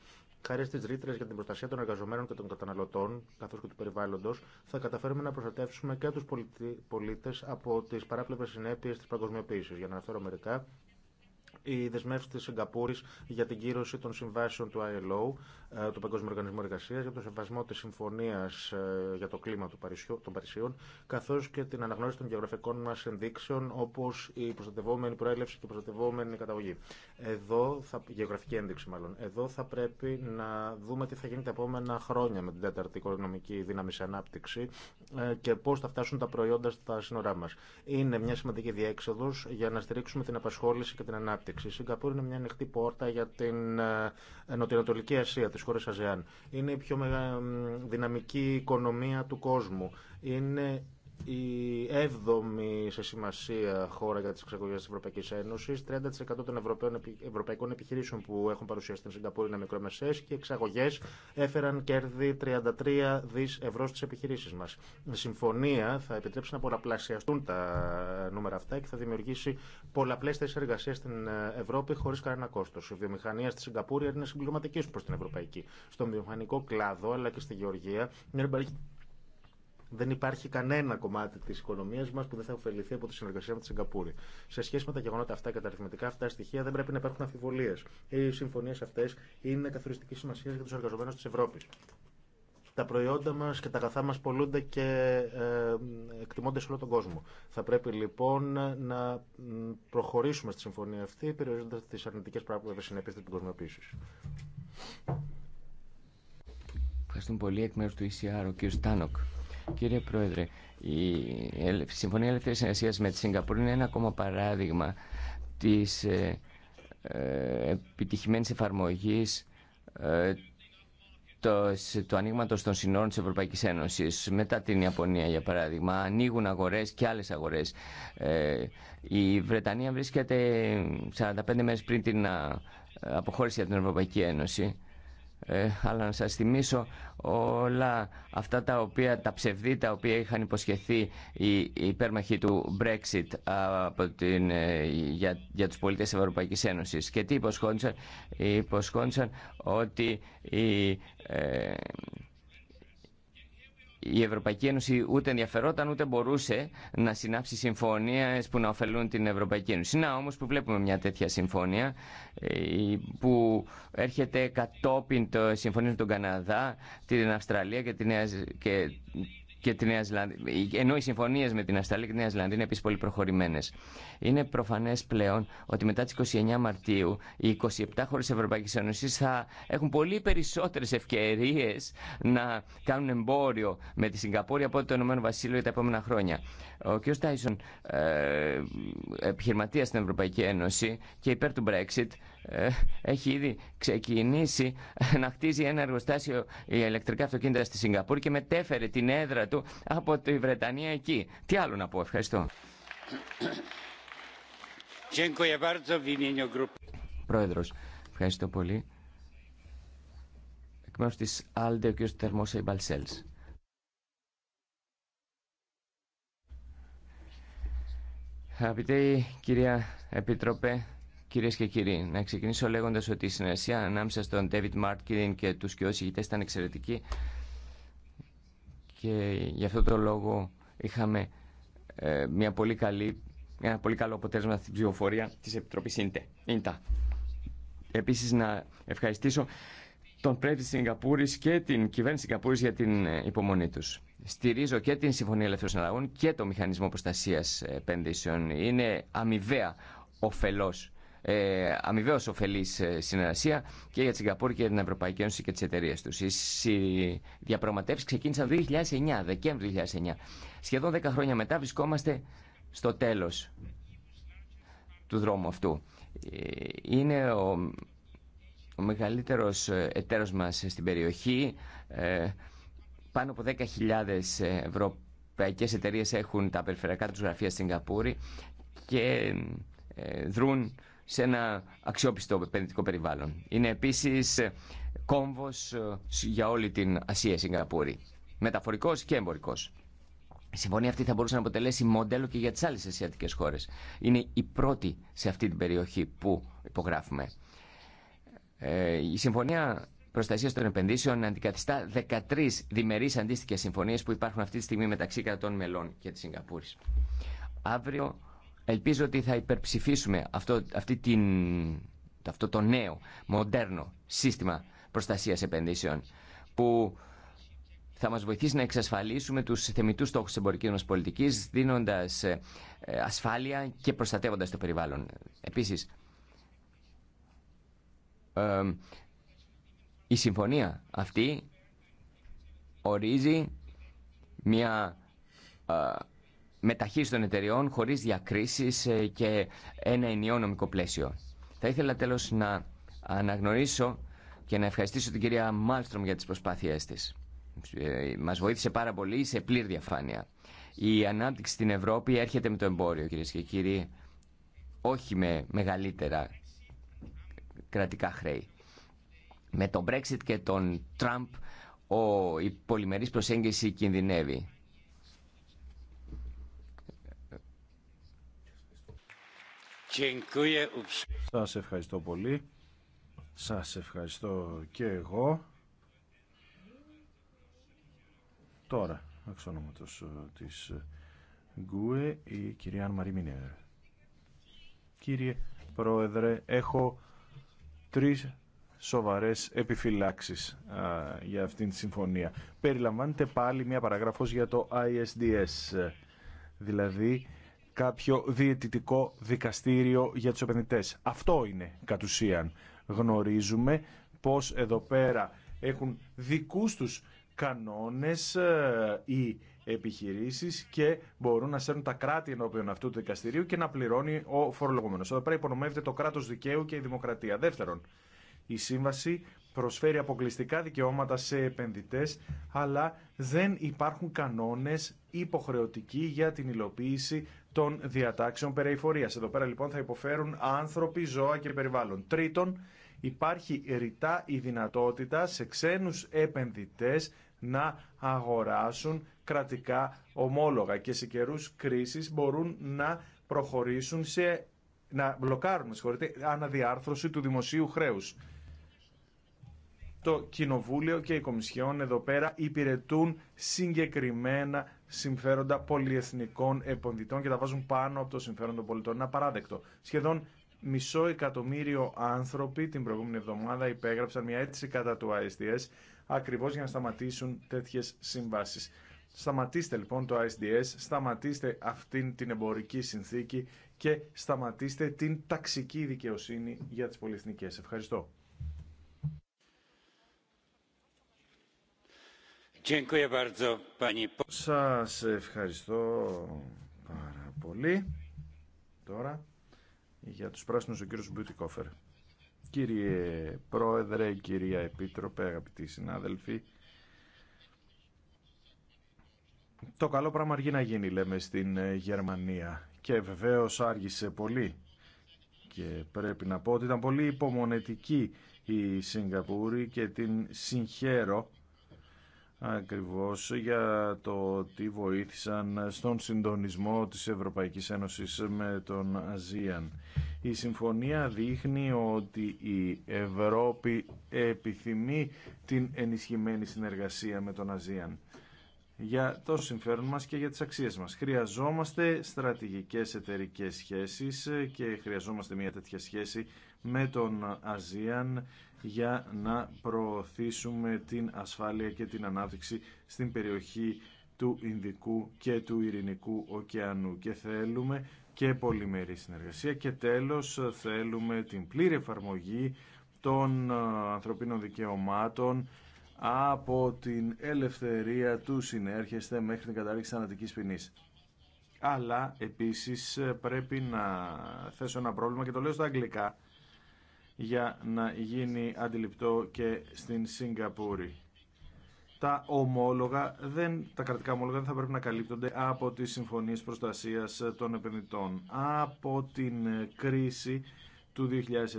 Χάρη στι ρήτρε για την προστασία των εργαζομένων και των καταναλωτών, καθώ και του περιβάλλοντο, θα καταφέρουμε να προστατεύσουμε και του πολίτε από τι παράπλευρε συνέπειε τη παγκοσμιοποίηση. Για να αναφέρω μερικά, η δεσμεύσει τη Σιγκαπούρη για την κύρωση των συμβάσεων του ILO, ε, του Παγκόσμιου Οργανισμού Εργασία, για τον σεβασμό τη Συμφωνία ε, για το Κλίμα των Παρισίων, καθώ και την αναγνώριση των γεωγραφικών μα ενδείξεων, όπω η προστατευόμενη προέλευση και η προστατευόμενη καταγωγή. Εδώ θα, γεωγραφική ένδειξη, μάλλον. Εδώ θα πρέπει να δούμε τι θα γίνει τα επόμενα χρόνια με την τέταρτη οικονομική δύναμη σε ανάπτυξη ε, και πώ θα φτάσουν τα προϊόντα στα σύνορά μα. Είναι μια σημαντική διέξοδο για να στηρίξουμε την απασχόληση και την ανάπτυξη ανάπτυξη. Η Σιγκαπούρη είναι μια ανοιχτή πόρτα για την ε, Νοτιοανατολική Ασία, τι χώρε Αζεάν. Είναι η πιο δυναμική οικονομία του κόσμου. Είναι η έβδομη σε σημασία χώρα για τι εξαγωγέ τη Ευρωπαϊκή Ένωση, 30% των ευρωπαϊκών επιχειρήσεων που έχουν παρουσιαστεί στην Σιγκαπούρη είναι μικρομεσαίες και οι εξαγωγές έφεραν κέρδη 33 δις ευρώ στις επιχειρήσει μα. Η συμφωνία θα επιτρέψει να πολλαπλασιαστούν τα νούμερα αυτά και θα δημιουργήσει πολλαπλέ θέσει εργασία στην Ευρώπη χωρί κανένα κόστο. Η βιομηχανία στη Σιγκαπούρη είναι συμπληρωματική προ την Ευρωπαϊκή. Στον βιομηχανικό κλάδο αλλά και στη Γεωργία δεν υπάρχει κανένα κομμάτι τη οικονομία μα που δεν θα ωφεληθεί από τη συνεργασία με τη Σιγκαπούρη. Σε σχέση με τα γεγονότα αυτά και τα αριθμητικά αυτά στοιχεία, δεν πρέπει να υπάρχουν αμφιβολίε. Οι συμφωνίε αυτέ είναι καθοριστική σημασία για του εργαζομένου τη Ευρώπη. Τα προϊόντα μα και τα αγαθά μα πολλούνται και ε, εκτιμώνται σε όλο τον κόσμο. Θα πρέπει λοιπόν να προχωρήσουμε στη συμφωνία αυτή, περιορίζοντα τι αρνητικέ πράγματα συνέπειε τη παγκοσμιοποίηση. Ευχαριστούμε πολύ εκ μέρου του ECR, ο κ. Στάνοκ. Κύριε Πρόεδρε, η Συμφωνία Ελεύθερη Συνεργασία με τη Σιγκαπούρη είναι ένα ακόμα παράδειγμα τη ε, ε, επιτυχημένη εφαρμογή ε, το, ανοίγματο των συνόρων τη Ευρωπαϊκή Ένωση. Μετά την Ιαπωνία, για παράδειγμα, ανοίγουν αγορέ και άλλε αγορέ. Ε, η Βρετανία βρίσκεται 45 μέρε πριν την ε, αποχώρηση από την Ευρωπαϊκή Ένωση. Ε, αλλά να σας θυμίσω όλα αυτά τα οποία, τα ψευδή τα οποία είχαν υποσχεθεί οι υπέρμαχοι του Brexit την, ε, για, για τους πολίτες της Ευρωπαϊκής Ένωσης. Και τι υποσχόντουσαν, υποσχόντουσαν ότι η, η Ευρωπαϊκή Ένωση ούτε ενδιαφερόταν ούτε μπορούσε να συνάψει συμφωνίες που να ωφελούν την Ευρωπαϊκή Ένωση. Να όμως που βλέπουμε μια τέτοια συμφωνία ε, που έρχεται κατόπιν το συμφωνία του Καναδά, την Αυστραλία και, την και και τη Νέα Ζηλανδία, ενώ οι συμφωνίε με την Αυστραλία και τη Νέα Ζηλανδία είναι επίση πολύ προχωρημένε. Είναι προφανέ πλέον ότι μετά τι 29 Μαρτίου οι 27 χώρε Ευρωπαϊκή Ένωση θα έχουν πολύ περισσότερε ευκαιρίε να κάνουν εμπόριο με τη Σιγκαπούρη από το Ηνωμένο Βασίλειο για τα επόμενα χρόνια. Ο κ. Τάισον, ε, επιχειρηματία στην Ευρωπαϊκή Ένωση και υπέρ του Brexit, ε, έχει ήδη ξεκινήσει να χτίζει ένα εργοστάσιο για ε, ηλεκτρικά αυτοκίνητα στη Σιγκαπούρη και μετέφερε την έδρα του από τη Βρετανία εκεί. Τι άλλο να πω, ευχαριστώ. Πρόεδρος, ευχαριστώ πολύ. Εκ μέρους της ΑΛΔΕ, ο κ. Θερμός Εμπαλσέλς. Αγαπητέ κυρία Επίτροπε, κυρίες και κύριοι, να ξεκινήσω λέγοντας ότι η συνεργασία ανάμεσα στον David Μάρτκιν και τους και ηγητές ήταν εξαιρετική και γι' αυτό το λόγο είχαμε ε, μια πολύ καλή, ένα πολύ καλό αποτέλεσμα στην ψηφοφορία της Επιτροπής ΙΝΤΑ. Επίσης να ευχαριστήσω τον πρέσβη Σιγκαπούρης και την κυβέρνηση Σιγκαπούρης για την ε, υπομονή τους στηρίζω και την Συμφωνία Ελευθερών Συναλλαγών και το Μηχανισμό προστασία Επενδύσεων. Είναι αμοιβαία ωφελός ε, αμοιβαίω ωφελή ε, συνεργασία και για τη Σιγκαπούρη και την Ευρωπαϊκή Ένωση και τι εταιρείε του. Οι διαπραγματεύσει ξεκίνησαν το 2009, Δεκέμβρη 2009. Σχεδόν 10 χρόνια μετά βρισκόμαστε στο τέλο του δρόμου αυτού. Ε, είναι ο, ο μεγαλύτερος ε, εταίρος μας στην περιοχή, ε, πάνω από 10.000 ε, ευρωπαϊκέ εταιρείε έχουν τα περιφερειακά του γραφεία στην Καπούρη και ε, δρούν σε ένα αξιόπιστο επενδυτικό περιβάλλον. Είναι επίσης ε, κόμβο για όλη την Ασία Σιγκαπούρη, μεταφορικός και εμπορικό. Η συμφωνία αυτή θα μπορούσε να αποτελέσει μοντέλο και για τι άλλε ασιατικέ χώρε. Είναι η πρώτη σε αυτή την περιοχή που υπογράφουμε. η συμφωνία Προστασία των επενδύσεων αντικαθιστά 13 διμερείς αντίστοιχε συμφωνίε που υπάρχουν αυτή τη στιγμή μεταξύ κρατών μελών και τη Σιγκαπούρη. Αύριο ελπίζω ότι θα υπερψηφίσουμε αυτό, αυτό το νέο, μοντέρνο σύστημα προστασία επενδύσεων που θα μας βοηθήσει να εξασφαλίσουμε τους θεμητούς στόχους της εμπορικής μας πολιτικής δίνοντας ε, ασφάλεια και προστατεύοντας το περιβάλλον. Επίσης, ε, η συμφωνία αυτή ορίζει μια μεταχείριση των εταιριών χωρίς διακρίσεις ε, και ένα ενιαίο νομικό πλαίσιο. Θα ήθελα τέλος να αναγνωρίσω και να ευχαριστήσω την κυρία Μάλστρομ για τις προσπάθειές της. Ε, μας βοήθησε πάρα πολύ σε πλήρη διαφάνεια. Η ανάπτυξη στην Ευρώπη έρχεται με το εμπόριο, κυρίε και κύριοι, όχι με μεγαλύτερα κρατικά χρέη. Με τον Brexit και τον Τραμπ ο, η πολυμερής προσέγγιση κινδυνεύει. Σας ευχαριστώ πολύ. Σας ευχαριστώ και εγώ. Τώρα, εξ ονόματος ε, της ε, Γκουε, η κυρία Αν Μαρή Κύριε Πρόεδρε, έχω τρεις σοβαρές επιφυλάξεις για αυτήν τη συμφωνία. Περιλαμβάνεται πάλι μια παραγραφός για το ISDS, δηλαδή κάποιο διαιτητικό δικαστήριο για τους επενδυτές. Αυτό είναι κατ' ουσίαν. Γνωρίζουμε πως εδώ πέρα έχουν δικούς τους κανόνες οι επιχειρήσεις και μπορούν να σέρνουν τα κράτη ενώπιον αυτού του δικαστηρίου και να πληρώνει ο φορολογούμενος. Εδώ πέρα υπονομεύεται το κράτος δικαίου και η δημοκρατία. Δεύτερον, η σύμβαση προσφέρει αποκλειστικά δικαιώματα σε επενδυτές, αλλά δεν υπάρχουν κανόνες υποχρεωτικοί για την υλοποίηση των διατάξεων περιφορίας. Εδώ πέρα λοιπόν θα υποφέρουν άνθρωποι, ζώα και περιβάλλον. Τρίτον, υπάρχει ρητά η δυνατότητα σε ξένους επενδυτές να αγοράσουν κρατικά ομόλογα και σε καιρούς κρίσης μπορούν να προχωρήσουν σε να μπλοκάρουν, συγχωρείτε, αναδιάρθρωση του δημοσίου χρέους το Κοινοβούλιο και οι Κομισιόν εδώ πέρα υπηρετούν συγκεκριμένα συμφέροντα πολυεθνικών επενδυτών και τα βάζουν πάνω από το συμφέρον των πολιτών. Είναι απαράδεκτο. Σχεδόν μισό εκατομμύριο άνθρωποι την προηγούμενη εβδομάδα υπέγραψαν μια αίτηση κατά του ISDS ακριβώς για να σταματήσουν τέτοιες συμβάσεις. Σταματήστε λοιπόν το ISDS, σταματήστε αυτήν την εμπορική συνθήκη και σταματήστε την ταξική δικαιοσύνη για τις πολυεθνικές. Ευχαριστώ. Σας ευχαριστώ πάρα πολύ. Τώρα για τους πράσινους ο κύριος Μπιουτικόφερ. Κύριε Πρόεδρε, κυρία Επίτροπε, αγαπητοί συνάδελφοι, το καλό πράγμα αργεί να γίνει, λέμε, στην ε, Γερμανία. Και βεβαίως άργησε πολύ. Και πρέπει να πω ότι ήταν πολύ υπομονετική η Σιγκαπούρη και την συγχαίρω ακριβώς για το ότι βοήθησαν στον συντονισμό της Ευρωπαϊκής Ένωσης με τον Αζίαν. Η συμφωνία δείχνει ότι η Ευρώπη επιθυμεί την ενισχυμένη συνεργασία με τον Αζίαν για το συμφέρον μας και για τις αξίες μας. Χρειαζόμαστε στρατηγικές εταιρικέ σχέσεις και χρειαζόμαστε μια τέτοια σχέση με τον Αζίαν για να προωθήσουμε την ασφάλεια και την ανάπτυξη στην περιοχή του Ινδικού και του Ειρηνικού ωκεανού και θέλουμε και πολυμερή συνεργασία και τέλος θέλουμε την πλήρη εφαρμογή των ανθρωπίνων δικαιωμάτων από την ελευθερία του συνέρχεστε μέχρι την κατάληξη θανατικής ποινής. Αλλά επίσης πρέπει να θέσω ένα πρόβλημα και το λέω στα αγγλικά για να γίνει αντιληπτό και στην Σιγκαπούρη. Τα ομόλογα, δεν, τα κρατικά ομόλογα δεν θα πρέπει να καλύπτονται από τις συμφωνίες προστασίας των επενδυτών. Από την κρίση του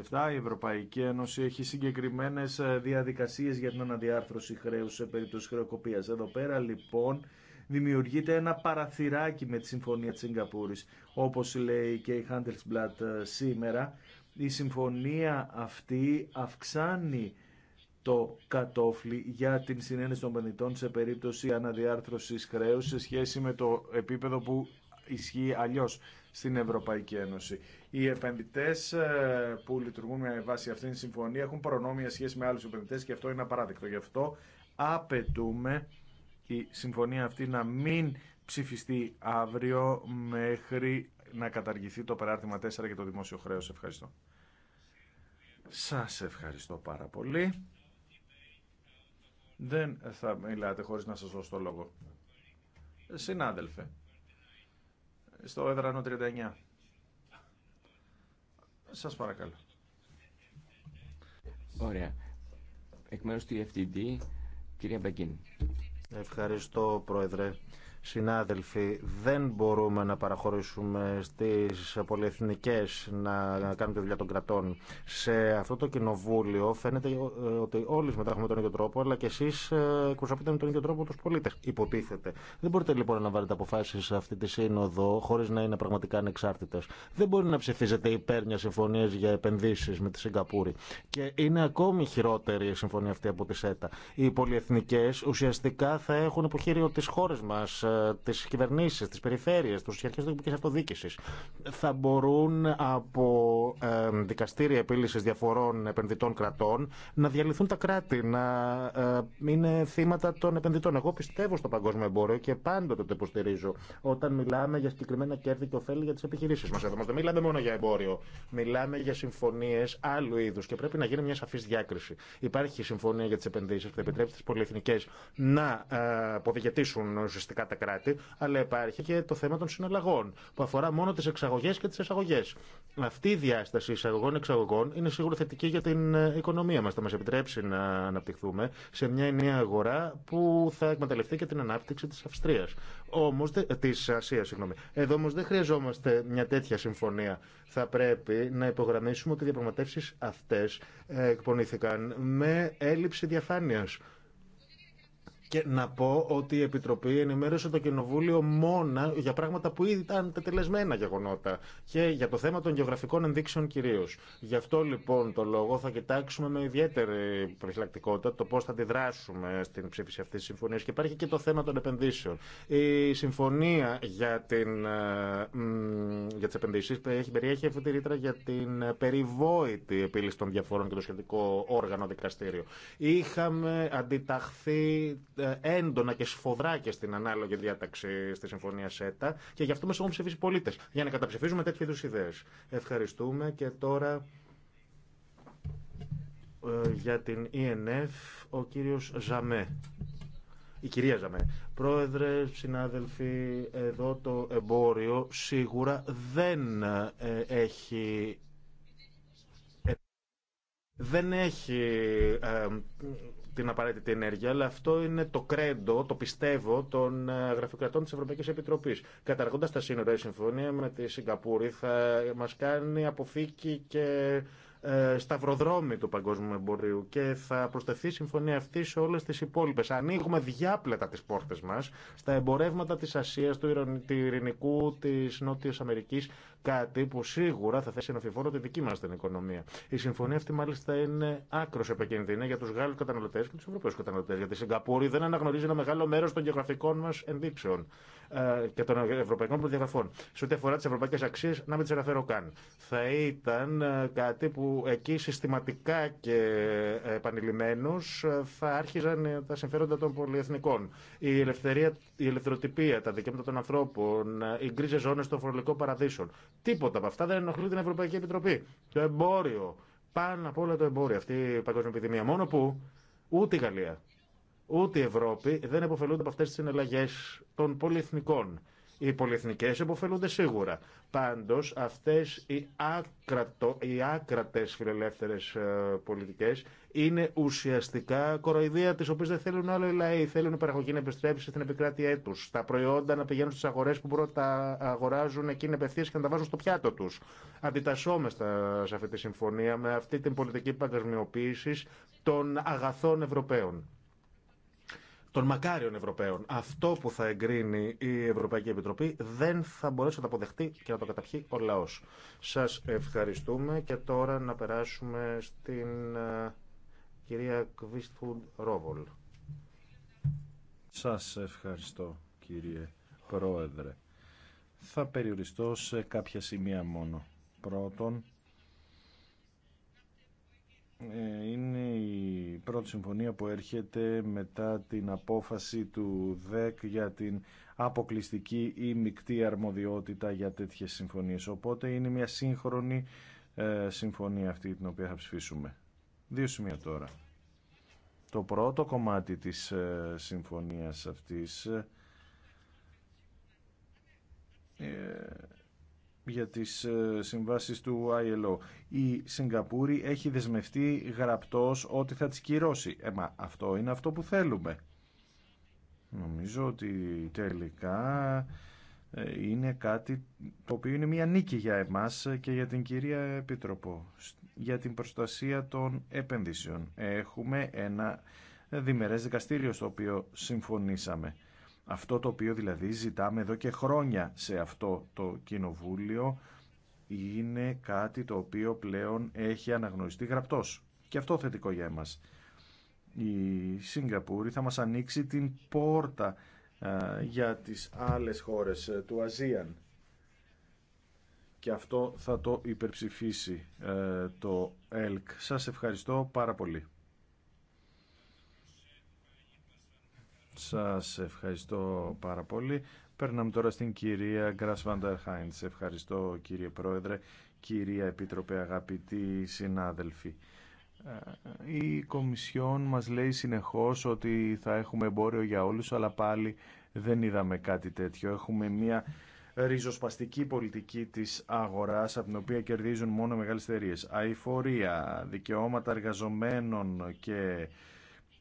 2007 η Ευρωπαϊκή Ένωση έχει συγκεκριμένες ε, διαδικασίες για την αναδιάρθρωση χρέους σε περίπτωση χρεοκοπίας. Εδώ πέρα λοιπόν δημιουργείται ένα παραθυράκι με τη Συμφωνία της Σιγκαπούρης. Όπως λέει και η Handelsblatt ε, σήμερα, η συμφωνία αυτή αυξάνει το κατόφλι για την συνένεση των πενητών σε περίπτωση αναδιάρθρωσης χρέους σε σχέση με το επίπεδο που ισχύει αλλιώς στην Ευρωπαϊκή Ένωση οι επενδυτέ ε, που λειτουργούν με βάση αυτήν τη συμφωνία έχουν προνόμια σχέση με άλλου επενδυτέ και αυτό είναι απαράδεκτο. Γι' αυτό απαιτούμε η συμφωνία αυτή να μην ψηφιστεί αύριο μέχρι να καταργηθεί το περάρτημα 4 και το δημόσιο χρέος. Ευχαριστώ. Σας ευχαριστώ πάρα πολύ. Δεν θα μιλάτε χωρίς να σας δώσω το λόγο. Συνάδελφε, στο έδρανο 39. Σας παρακαλώ. Ωραία. Εκ μέρους του FTD. κυρία Μπεκίν. Ευχαριστώ, Πρόεδρε. Συνάδελφοι, δεν μπορούμε να παραχωρήσουμε στις πολυεθνικές να κάνουν τη δουλειά των κρατών. Σε αυτό το κοινοβούλιο φαίνεται ε, ότι όλοι συμμετέχουμε τον ίδιο τρόπο, αλλά και εσείς ε, εκπροσωπείτε με τον ίδιο τρόπο τους πολίτες, υποτίθεται. Δεν μπορείτε λοιπόν να βάλετε αποφάσεις σε αυτή τη σύνοδο χωρίς να είναι πραγματικά ανεξάρτητες. Δεν μπορεί να ψηφίζετε υπέρ μια συμφωνία για επενδύσεις με τη Σιγκαπούρη. Και είναι ακόμη χειρότερη η συμφωνία αυτή από τη ΣΕΤΑ. Οι πολυεθνικέ ουσιαστικά θα έχουν υποχείριο τις χώρες μας ε, τι κυβερνήσει, τι περιφέρειες, του αρχέ τοπική αυτοδιοίκηση. θα μπορούν από δικαστήρια επίλυση διαφορών επενδυτών κρατών να διαλυθούν τα κράτη, να ε, είναι θύματα των επενδυτών. Εγώ πιστεύω στο παγκόσμιο εμπόριο και πάντοτε το υποστηρίζω όταν μιλάμε για συγκεκριμένα κέρδη και ωφέλη για τι επιχειρήσει μα. Εδώ δεν μιλάμε μόνο για εμπόριο, μιλάμε για συμφωνίε άλλου είδου και πρέπει να γίνει μια σαφή διάκριση. Υπάρχει συμφωνία για τι επενδύσει, που θα επιτρέψει τι πολυεθνικέ να ε, αποδηγετήσουν ουσιαστικά τα κράτη, αλλά υπάρχει και το θέμα των συναλλαγών, που αφορά μόνο τι εξαγωγέ και τι εισαγωγέ. Αυτή η διάσταση εισαγωγών-εξαγωγών είναι σίγουρα θετική για την ε, οικονομία μα. Θα μα επιτρέψει να αναπτυχθούμε σε μια νέα αγορά που θα εκμεταλλευτεί και την ανάπτυξη τη Αυστρία. Ε, τη Ασία, συγγνώμη. Εδώ όμω δεν χρειαζόμαστε μια τέτοια συμφωνία. Θα πρέπει να υπογραμμίσουμε ότι οι διαπραγματεύσει αυτέ ε, εκπονήθηκαν με έλλειψη διαφάνεια και να πω ότι η Επιτροπή ενημέρωσε το Κοινοβούλιο μόνα για πράγματα που ήδη ήταν τετελεσμένα γεγονότα και για το θέμα των γεωγραφικών ενδείξεων κυρίω. Γι' αυτό λοιπόν το λόγο θα κοιτάξουμε με ιδιαίτερη προφυλακτικότητα το πώ θα αντιδράσουμε στην ψήφιση αυτή τη συμφωνία. Και υπάρχει και το θέμα των επενδύσεων. Η συμφωνία για, ε, για τι επενδύσει περιέχει αυτή τη ρήτρα για την περιβόητη επίλυση των διαφορών και το σχετικό όργανο δικαστήριο. Είχαμε αντιταχθεί ε, έντονα και σφοδρά και στην ανάλογη διάταξη στη Συμφωνία ΣΕΤΑ και γι' αυτό μα έχουν ψηφίσει πολίτε για να καταψηφίζουμε τέτοιου είδου ιδέε. Ευχαριστούμε και τώρα ε, για την ΕΝΕΦ e ο κύριο Ζαμέ. Η κυρία Ζαμέ. Πρόεδρε, συνάδελφοι, εδώ το εμπόριο σίγουρα δεν ε, έχει δεν έχει την απαραίτητη ενέργεια, αλλά αυτό είναι το κρέντο, το πιστεύω των ε, γραφειοκρατών τη Ευρωπαϊκή Επιτροπή. Καταργώντα τα σύνορα, η συμφωνία με τη Σιγκαπούρη θα μα κάνει αποθήκη και ε, σταυροδρόμι του παγκόσμιου εμπορίου και θα προσθεθεί η συμφωνία αυτή σε όλες τις υπόλοιπε. Ανοίγουμε διάπλατα τις πόρτε μα στα εμπορεύματα τη Ασία, του Ειρηνικού, τη Νότια Αμερική. Κάτι που σίγουρα θα θέσει εναφιφόρο τη δική μα την οικονομία. Η συμφωνία αυτή μάλιστα είναι άκρο επικίνδυνη για του Γάλλου καταναλωτέ και του Ευρωπαίου καταναλωτέ. Γιατί η Σιγκαπούρη δεν αναγνωρίζει ένα μεγάλο μέρο των γεωγραφικών μα ενδείξεων ε, και των ευρωπαϊκών προδιαγραφών. Σε ό,τι αφορά τι ευρωπαϊκέ αξίε, να μην τι αναφέρω καν. Θα ήταν ε, κάτι που εκεί συστηματικά και ε, επανειλημμένω θα άρχιζαν τα συμφέροντα των πολυεθνικών. Η, ελευθερία, η ελευθεροτυπία, τα δικαιώματα των ανθρώπων, οι γκρίζε ζώνε των φορολογικών παραδείσων. Τίποτα από αυτά δεν ενοχλεί την Ευρωπαϊκή Επιτροπή. Το εμπόριο. Πάνω απ' όλα το εμπόριο. Αυτή η παγκόσμια επιδημία. Μόνο που ούτε η Γαλλία, ούτε η Ευρώπη δεν επωφελούνται από αυτέ τι συναλλαγέ των πολυεθνικών. Οι πολυεθνικές υποφελούνται σίγουρα. Πάντως αυτές οι, άκρατο, οι άκρατες φιλελεύθερες ε, πολιτικές είναι ουσιαστικά κοροϊδία τις οποίες δεν θέλουν άλλο οι λαοί. Θέλουν η παραγωγή να επιστρέψει στην επικράτειά τους. Τα προϊόντα να πηγαίνουν στις αγορές που μπορούν τα αγοράζουν εκείνη απευθεία και να τα βάζουν στο πιάτο τους. Αντιτασσόμεστα σε αυτή τη συμφωνία με αυτή την πολιτική παγκοσμιοποίηση των αγαθών Ευρωπαίων των μακάριων Ευρωπαίων. Αυτό που θα εγκρίνει η Ευρωπαϊκή Επιτροπή δεν θα μπορέσει να το αποδεχτεί και να το καταπιεί ο λαό. Σας ευχαριστούμε και τώρα να περάσουμε στην ε, κυρία Κβίστφουντ Ρόβολ. Σας ευχαριστώ κύριε Πρόεδρε. Θα περιοριστώ σε κάποια σημεία μόνο. Πρώτον, ε, είναι η πρώτη συμφωνία που έρχεται μετά την απόφαση του ΔΕΚ για την αποκλειστική ή μεικτή αρμοδιότητα για τέτοιες συμφωνίες. Οπότε είναι μια σύγχρονη ε, συμφωνία αυτή την οποία θα ψηφίσουμε. Δύο σημεία τώρα. Το πρώτο κομμάτι της ε, συμφωνίας αυτής για τις ε, συμβάσεις του ILO. Η Σιγκαπούρη έχει δεσμευτεί γραπτός ότι θα τις κυρώσει. Ε, μα αυτό είναι αυτό που θέλουμε. Νομίζω ότι τελικά ε, είναι κάτι το οποίο είναι μια νίκη για εμάς και για την κυρία Επίτροπο για την προστασία των επενδύσεων. Έχουμε ένα διμερές δικαστήριο στο οποίο συμφωνήσαμε. Αυτό το οποίο δηλαδή ζητάμε εδώ και χρόνια σε αυτό το κοινοβούλιο είναι κάτι το οποίο πλέον έχει αναγνωριστεί γραπτός. Και αυτό θετικό για εμάς. Η Σιγκαπούρη θα μας ανοίξει την πόρτα για τις άλλες χώρες ε, του Αζίαν. Και αυτό θα το υπερψηφίσει ε, το ΕΛΚ. Σας ευχαριστώ πάρα πολύ. Σας ευχαριστώ πάρα πολύ. Περνάμε τώρα στην κυρία Γκρας Βαντερ Ευχαριστώ κύριε Πρόεδρε, κυρία Επίτροπε, αγαπητοί συνάδελφοι. Ε, η Κομισιόν μας λέει συνεχώς ότι θα έχουμε εμπόριο για όλους, αλλά πάλι δεν είδαμε κάτι τέτοιο. Έχουμε μια ριζοσπαστική πολιτική της αγοράς, από την οποία κερδίζουν μόνο μεγάλες εταιρείε. Αηφορία, δικαιώματα εργαζομένων και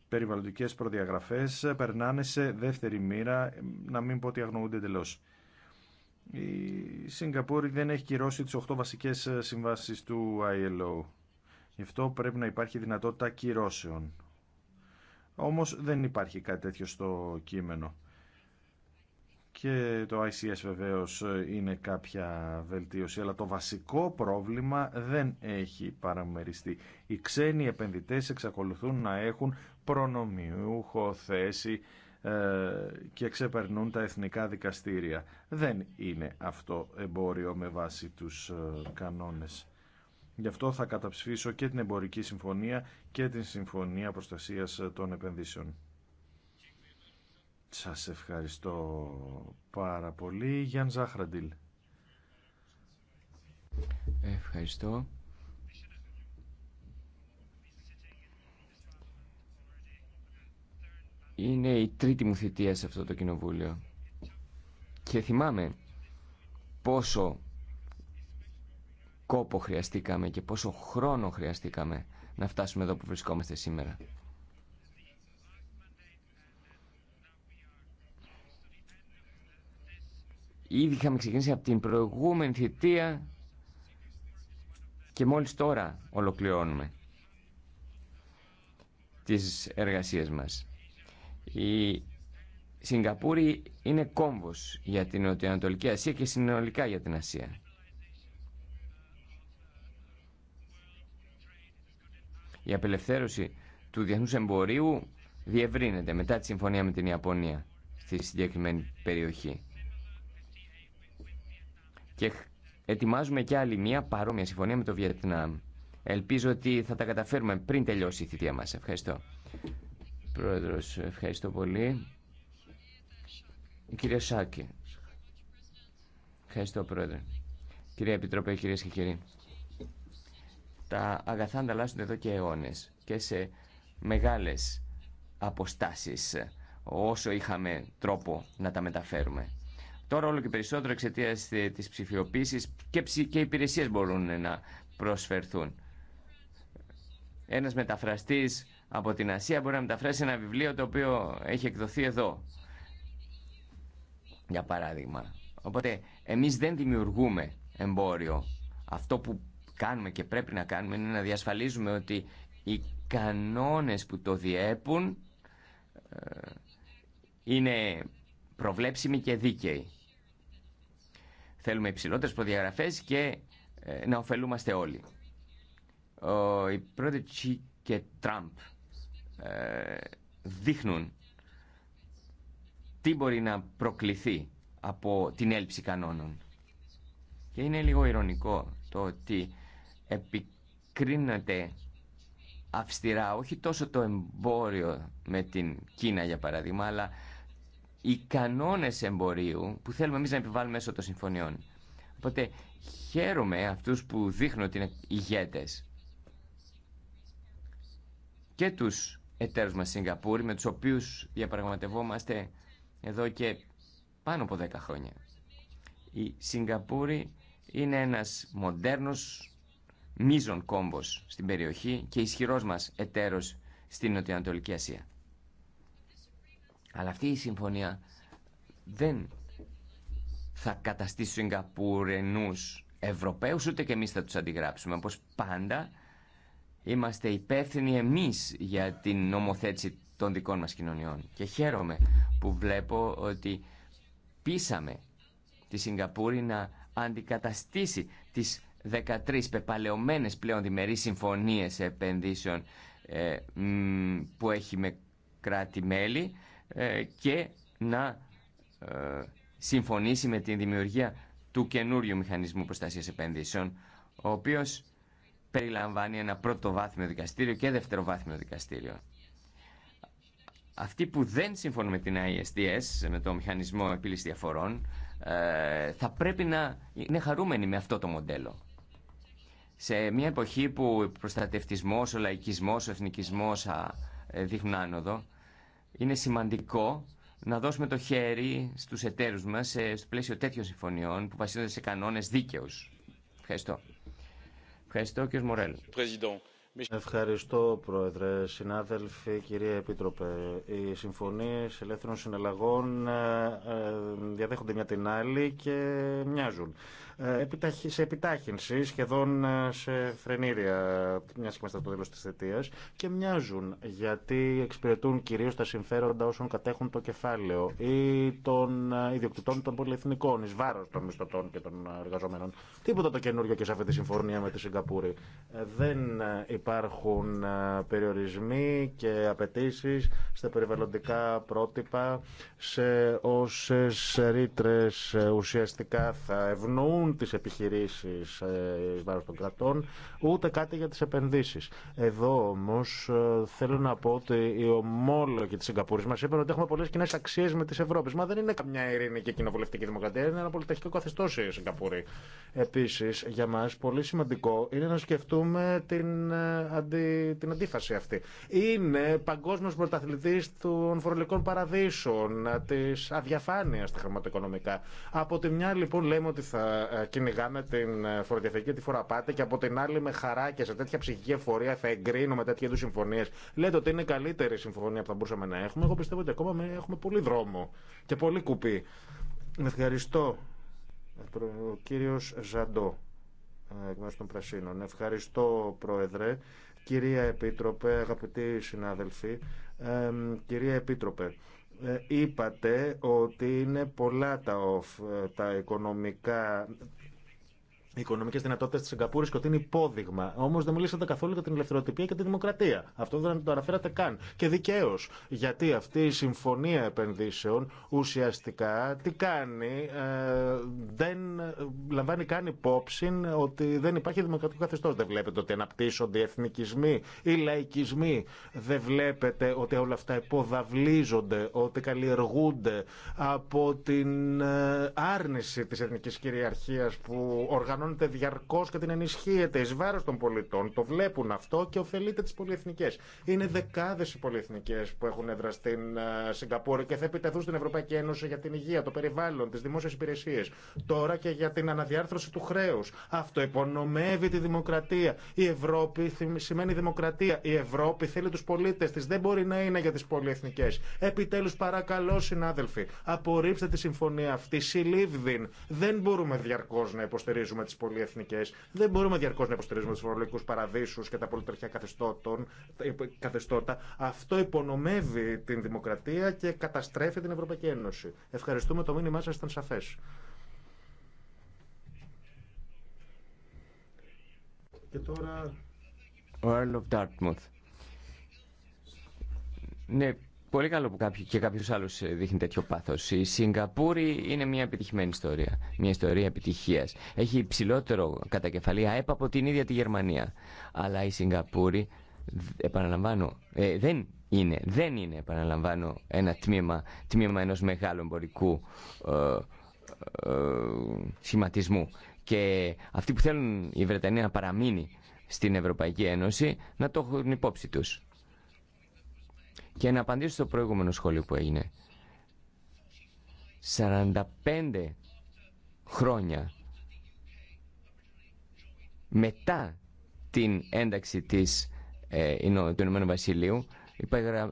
περιβαλλοντικές προδιαγραφές περνάνε σε δεύτερη μοίρα, να μην πω ότι αγνοούνται εντελώ. Η Σιγκαπούρη δεν έχει κυρώσει τις 8 βασικές συμβάσεις του ILO. Γι' αυτό πρέπει να υπάρχει δυνατότητα κυρώσεων. Όμως δεν υπάρχει κάτι τέτοιο στο κείμενο. Και το ICS βεβαίως είναι κάποια βελτίωση, αλλά το βασικό πρόβλημα δεν έχει παραμεριστεί. Οι ξένοι επενδυτές εξακολουθούν να έχουν προνομιούχο θέση ε, και ξεπερνούν τα εθνικά δικαστήρια. Δεν είναι αυτό εμπόριο με βάση τους ε, κανόνες. Γι' αυτό θα καταψηφίσω και την εμπορική συμφωνία και την συμφωνία προστασίας ε, των επενδύσεων. Σας ευχαριστώ πάρα πολύ. Γιάνν Ζάχραντιλ. Ευχαριστώ. Είναι η τρίτη μου θητεία σε αυτό το κοινοβούλιο. Και θυμάμαι πόσο κόπο χρειαστήκαμε και πόσο χρόνο χρειαστήκαμε να φτάσουμε εδώ που βρισκόμαστε σήμερα. Ήδη είχαμε ξεκινήσει από την προηγούμενη θητεία και μόλις τώρα ολοκληρώνουμε τις εργασίες μας. Η Σιγκαπούρη είναι κόμβος για την Νοτιοανατολική Ασία και συνολικά για την Ασία. Η απελευθέρωση του διεθνούς εμπορίου διευρύνεται μετά τη συμφωνία με την Ιαπωνία στη συγκεκριμένη περιοχή. Και ετοιμάζουμε και άλλη μια παρόμοια συμφωνία με το Βιετνάμ. Ελπίζω ότι θα τα καταφέρουμε πριν τελειώσει η θητεία μας. Ευχαριστώ. Πρόεδρος, ευχαριστώ πολύ. Η κυρία Σάκη. Ευχαριστώ, Πρόεδρε. Κυρία Επιτρόπε, κυρίες και κύριοι. Τα αγαθά ανταλλάσσονται εδώ και αιώνες και σε μεγάλες αποστάσεις όσο είχαμε τρόπο να τα μεταφέρουμε. Τώρα όλο και περισσότερο εξαιτία τη ψηφιοποίηση και, και υπηρεσίε μπορούν να προσφερθούν. Ένας μεταφραστής από την Ασία μπορεί να μεταφράσει ένα βιβλίο το οποίο έχει εκδοθεί εδώ. Για παράδειγμα. Οπότε εμείς δεν δημιουργούμε εμπόριο. Αυτό που κάνουμε και πρέπει να κάνουμε είναι να διασφαλίζουμε ότι οι κανόνες που το διέπουν ε, είναι προβλέψιμοι και δίκαιοι. Θέλουμε υψηλότερες προδιαγραφές και ε, να ωφελούμαστε όλοι. Ο, η και Τραμπ ε, δείχνουν τι μπορεί να προκληθεί από την έλλειψη κανόνων. Και είναι λίγο ηρωνικό το ότι επικρίνεται αυστηρά όχι τόσο το εμπόριο με την Κίνα για παράδειγμα, αλλά οι κανόνες εμπορίου που θέλουμε εμείς να επιβάλλουμε μέσω των συμφωνιών. Οπότε χαίρομαι αυτούς που δείχνουν ότι είναι ηγέτες και τους εταίρους μας Σιγκαπούρη, με τους οποίους διαπραγματευόμαστε εδώ και πάνω από 10 χρόνια. Η Σιγκαπούρη είναι ένας μοντέρνος μίζων κόμβος στην περιοχή και ισχυρός μας εταίρος στην Νοτιοανατολική Ασία. Αλλά αυτή η συμφωνία δεν θα καταστήσει Σιγκαπούρενους Ευρωπαίους, ούτε και εμείς θα τους αντιγράψουμε. Όπως πάντα είμαστε υπεύθυνοι εμείς για την νομοθέτηση των δικών μας κοινωνιών. Και χαίρομαι που βλέπω ότι πείσαμε τη Σιγκαπούρη να αντικαταστήσει τις 13 πεπαλαιωμένες πλέον διμερείς συμφωνίες επενδύσεων ε, που έχει με κράτη-μέλη ε, και να ε, συμφωνήσει με την δημιουργία του καινούριου μηχανισμού προστασίας επενδύσεων, ο οποίος περιλαμβάνει ένα πρώτο βάθμιο δικαστήριο και δεύτερο βάθμιο δικαστήριο. Αυτοί που δεν συμφωνούν με την ISDS, με το μηχανισμό επίλυση διαφορών, ε, θα πρέπει να είναι χαρούμενοι με αυτό το μοντέλο. Σε μια εποχή που ο προστατευτισμός, ο λαϊκισμός, ο εθνικισμός ε, δείχνουν άνοδο, είναι σημαντικό να δώσουμε το χέρι στους εταίρους μας ε, στο πλαίσιο τέτοιων συμφωνιών που βασίζονται σε κανόνες δίκαιους. Ευχαριστώ. Ευχαριστώ, κύριε Μορέλ. Ευχαριστώ, Πρόεδρε, συνάδελφοι, κυρία Επίτροπε. Οι συμφωνίε ελεύθερων συναλλαγών ε, ε, διαδέχονται μια την άλλη και μοιάζουν. Ε, σε επιτάχυνση, σχεδόν ε, σε φρενήρια, μια και είμαστε το τέλο τη θετία, και μοιάζουν γιατί εξυπηρετούν κυρίω τα συμφέροντα όσων κατέχουν το κεφάλαιο ή των ε, ιδιοκτητών των πολυεθνικών, ει βάρο των μισθωτών και των εργαζομένων. Τίποτα το καινούργιο και σε αυτή τη συμφωνία με τη Σιγκαπούρη. Δεν υπάρχουν περιορισμοί και απαιτήσει στα περιβαλλοντικά πρότυπα, σε όσε ρήτρε ουσιαστικά θα ευνοούν τι τις επιχειρήσεις ε, εις βάρος των κρατών, ούτε κάτι για τις επενδύσεις. Εδώ όμως ε, θέλω να πω ότι οι ομόλογοι της Συγκαπούρης μας είπαν ότι έχουμε πολλές κοινέ αξίες με τις Ευρώπες. Μα δεν είναι καμιά ειρηνική κοινοβουλευτική δημοκρατία, είναι ένα πολυτεχνικό καθεστώς η Συγκαπούρη. Επίσης, για μας πολύ σημαντικό είναι να σκεφτούμε την, ε, την αντίφαση αυτή. Είναι παγκόσμιος πρωταθλητής των φορολογικών παραδείσων, της αδιαφάνειας τα χρηματοοικονομικά. Από τη μια λοιπόν λέμε ότι θα ε, κυνηγάμε την ε, φοροδιαφυγή τη πάτε και από την άλλη με χαρά και σε τέτοια ψυχική εφορία θα εγκρίνουμε τέτοιε είδου συμφωνίε. Λέτε ότι είναι καλύτερη συμφωνία που θα μπορούσαμε να έχουμε. Εγώ πιστεύω ότι ακόμα έχουμε πολύ δρόμο και πολύ κουπί. Ευχαριστώ. Ε, ο κύριο Ζαντό, εκ μέρους των Πρασίνων. Ευχαριστώ, Πρόεδρε. Κυρία Επίτροπε, αγαπητοί συνάδελφοι, κυρία Επίτροπε, ε, είπατε ότι είναι πολλά τα, οφ, ε, τα οικονομικά οι οικονομικέ δυνατότητε τη Σιγκαπούρη και ότι είναι υπόδειγμα. Όμω δεν μιλήσατε καθόλου για την ελευθεροτυπία και τη δημοκρατία. Αυτό δεν το αναφέρατε καν. Και δικαίω. Γιατί αυτή η συμφωνία επενδύσεων ουσιαστικά τι κάνει, ε, δεν ε, λαμβάνει καν υπόψη ότι δεν υπάρχει δημοκρατικό καθεστώ. Δεν βλέπετε ότι αναπτύσσονται οι εθνικισμοί, οι λαϊκισμοί. Δεν βλέπετε ότι όλα αυτά υποδαβλίζονται, ότι καλλιεργούνται από την ε, άρνηση τη εθνική κυριαρχία που οργανώνει οργανώνεται διαρκώ και την ενισχύεται ει βάρο των πολιτών. Το βλέπουν αυτό και ωφελείται τι πολυεθνικέ. Είναι δεκάδε οι πολυεθνικέ που έχουν έδρα στην ε, Σιγκαπούρη και θα επιτεθούν στην Ευρωπαϊκή Ένωση για την υγεία, το περιβάλλον, τι δημόσιε υπηρεσίε. Τώρα και για την αναδιάρθρωση του χρέου. Αυτό υπονομεύει τη δημοκρατία. Η Ευρώπη σημαίνει δημοκρατία. Η Ευρώπη θέλει του πολίτε τη. Δεν μπορεί να είναι για τι πολυεθνικέ. Επιτέλου, παρακαλώ, συνάδελφοι, απορρίψτε τη συμφωνία αυτή. Συλλήβδην. Δεν μπορούμε διαρκώ να υποστηρίζουμε τι πολυεθνικέ. Δεν μπορούμε διαρκώ να υποστηρίζουμε του φορολογικού παραδείσου και τα πολυτερχιά καθεστώτα. Αυτό υπονομεύει την δημοκρατία και καταστρέφει την Ευρωπαϊκή Ένωση. Ευχαριστούμε. Το μήνυμά σα ήταν σαφέ. Και τώρα... Ο Earl of Dartmouth. Ναι, Πολύ καλό που κάποιοι και κάποιο άλλο ε, δείχνει τέτοιο πάθο. Η Σιγκαπούρη είναι μια επιτυχημένη ιστορία. Μια ιστορία επιτυχία. Έχει υψηλότερο κατά κεφαλή ΑΕΠ από την ίδια τη Γερμανία. Αλλά η Σιγκαπούρη, επαναλαμβάνω, ε, δεν είναι, δεν είναι, επαναλαμβάνω, ένα τμήμα, τμήμα ενός μεγάλου εμπορικού ε, σχηματισμού. Και αυτοί που θέλουν η Βρετανία να παραμείνει στην Ευρωπαϊκή Ένωση, να το έχουν υπόψη τους. Και να απαντήσω στο προηγούμενο σχόλιο που έγινε. 45 χρόνια μετά την ένταξη της, ε, του Ηνωμένου Βασιλείου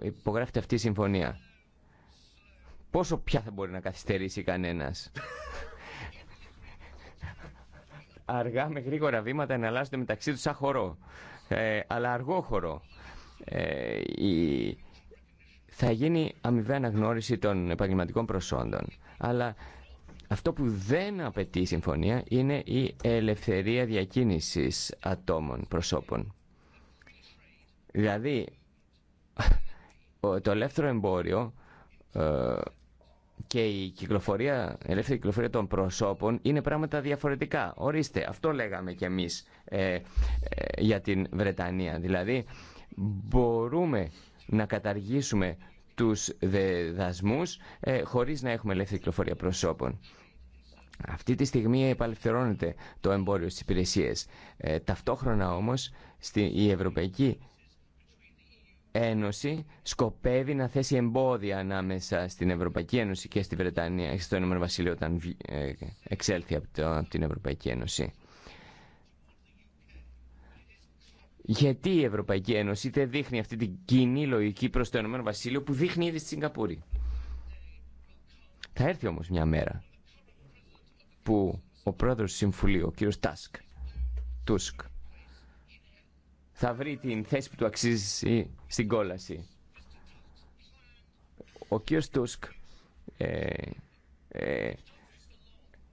υπογράφεται αυτή η συμφωνία. Πόσο πια θα μπορεί να καθυστερήσει κανένας. Αργά με γρήγορα βήματα εναλλάσσονται μεταξύ τους σαν χορό. Ε, αλλά αργό χορό. Ε, η θα γίνει αμοιβή αναγνώριση των επαγγελματικών προσόντων. Αλλά αυτό που δεν απαιτεί η συμφωνία είναι η ελευθερία διακίνησης ατόμων, προσώπων. Δηλαδή, το ελεύθερο εμπόριο ε, και η κυκλοφορία, ελεύθερη κυκλοφορία των προσώπων είναι πράγματα διαφορετικά. Ορίστε, αυτό λέγαμε κι εμείς ε, ε, για την Βρετανία. Δηλαδή, μπορούμε να καταργήσουμε τους δεδασμούς ε, χωρίς να έχουμε ελεύθερη κυκλοφορία προσώπων. Αυτή τη στιγμή επαλευθερώνεται το εμπόριο στις υπηρεσίες. Ε, ταυτόχρονα όμως στη, η Ευρωπαϊκή Ένωση σκοπεύει να θέσει εμπόδια ανάμεσα στην Ευρωπαϊκή Ένωση και στη Βρετανία, στο Ηνωμένο Βασίλειο όταν ε, εξέλθει από, από την Ευρωπαϊκή Ένωση. Γιατί η Ευρωπαϊκή Ένωση δεν δείχνει αυτή την κοινή λογική προ το Ηνωμένο Βασίλειο που δείχνει ήδη στη Σιγκαπούρη. Θα έρθει όμως μια μέρα που ο πρόεδρος του Συμφουλίου, ο κύριο Τάσκ, Τούσκ, θα βρει την θέση που του αξίζει στην κόλαση. Ο κύριο Τούσκ ε, ε,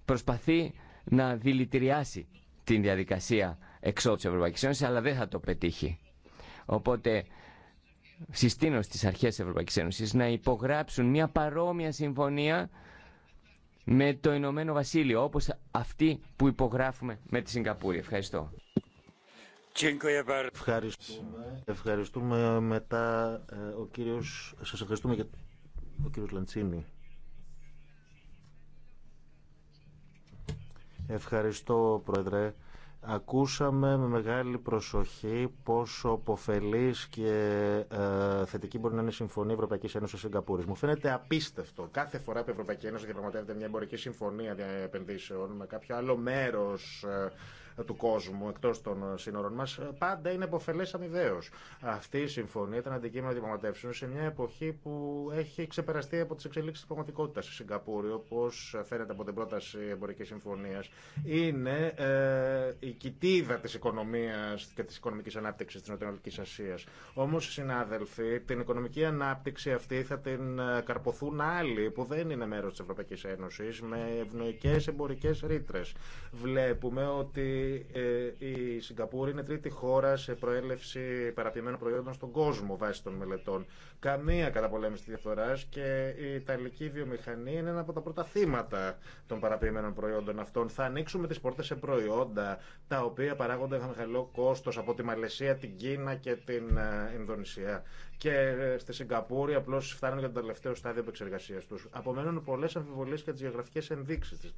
προσπαθεί να δηλητηριάσει την διαδικασία εξώ τη Ευρωπαϊκή Ένωση, αλλά δεν θα το πετύχει. Οπότε συστήνω στις αρχές της Ευρωπαϊκής Ένωσης να υπογράψουν μια παρόμοια συμφωνία με το Ηνωμένο Βασίλειο, όπως αυτή που υπογράφουμε με τη Σιγκαπούρη. Ευχαριστώ. Ευχαριστούμε. Ευχαριστούμε μετά ε, ο κύριος, σας ευχαριστούμε για ο κύριος Λαντσίνη. Ευχαριστώ, Πρόεδρε. Ακούσαμε με μεγάλη προσοχή πόσο αποφελή και ε, θετική μπορεί να είναι η Συμφωνία Ευρωπαϊκή Ένωση Σιγκαπούρη. Μου φαίνεται απίστευτο κάθε φορά που η Ευρωπαϊκή Ένωση διαπραγματεύεται μια εμπορική συμφωνία επενδύσεων με κάποιο άλλο μέρο ε, του κόσμου εκτό των σύνορων μα, πάντα είναι υποφελέ αμοιβαίω. Αυτή η συμφωνία ήταν αντικείμενο διαπραγματεύσεων σε μια εποχή που έχει ξεπεραστεί από τι εξελίξει τη πραγματικότητα. Η Σιγκαπούρη, όπω φαίνεται από την πρόταση εμπορική συμφωνία, είναι ε, η κοιτίδα τη οικονομία και τη οικονομική ανάπτυξη τη Νοτιοανατολική Ασία. Όμω, συνάδελφοι, την οικονομική ανάπτυξη αυτή θα την ε, καρποθούν άλλοι που δεν είναι μέρο τη Ευρωπαϊκή Ένωση με ευνοϊκέ εμπορικέ ρήτρε. Βλέπουμε ότι ε, η Σιγκαπούρη είναι τρίτη χώρα σε προέλευση παραπημένων προϊόντων στον κόσμο βάσει των μελετών καμία καταπολέμηση διαφθορά και η Ιταλική βιομηχανία είναι ένα από τα πρώτα θύματα των παραποιημένων προϊόντων αυτών. Θα ανοίξουμε τι πόρτε σε προϊόντα τα οποία παράγονται με χαμηλό κόστο από τη Μαλαισία, την Κίνα και την ε, Ινδονησία. Και ε, στη Σιγκαπούρη απλώ φτάνουν για το τελευταίο στάδιο επεξεργασία του. Απομένουν πολλέ αμφιβολίε για τι γεωγραφικέ ενδείξει, την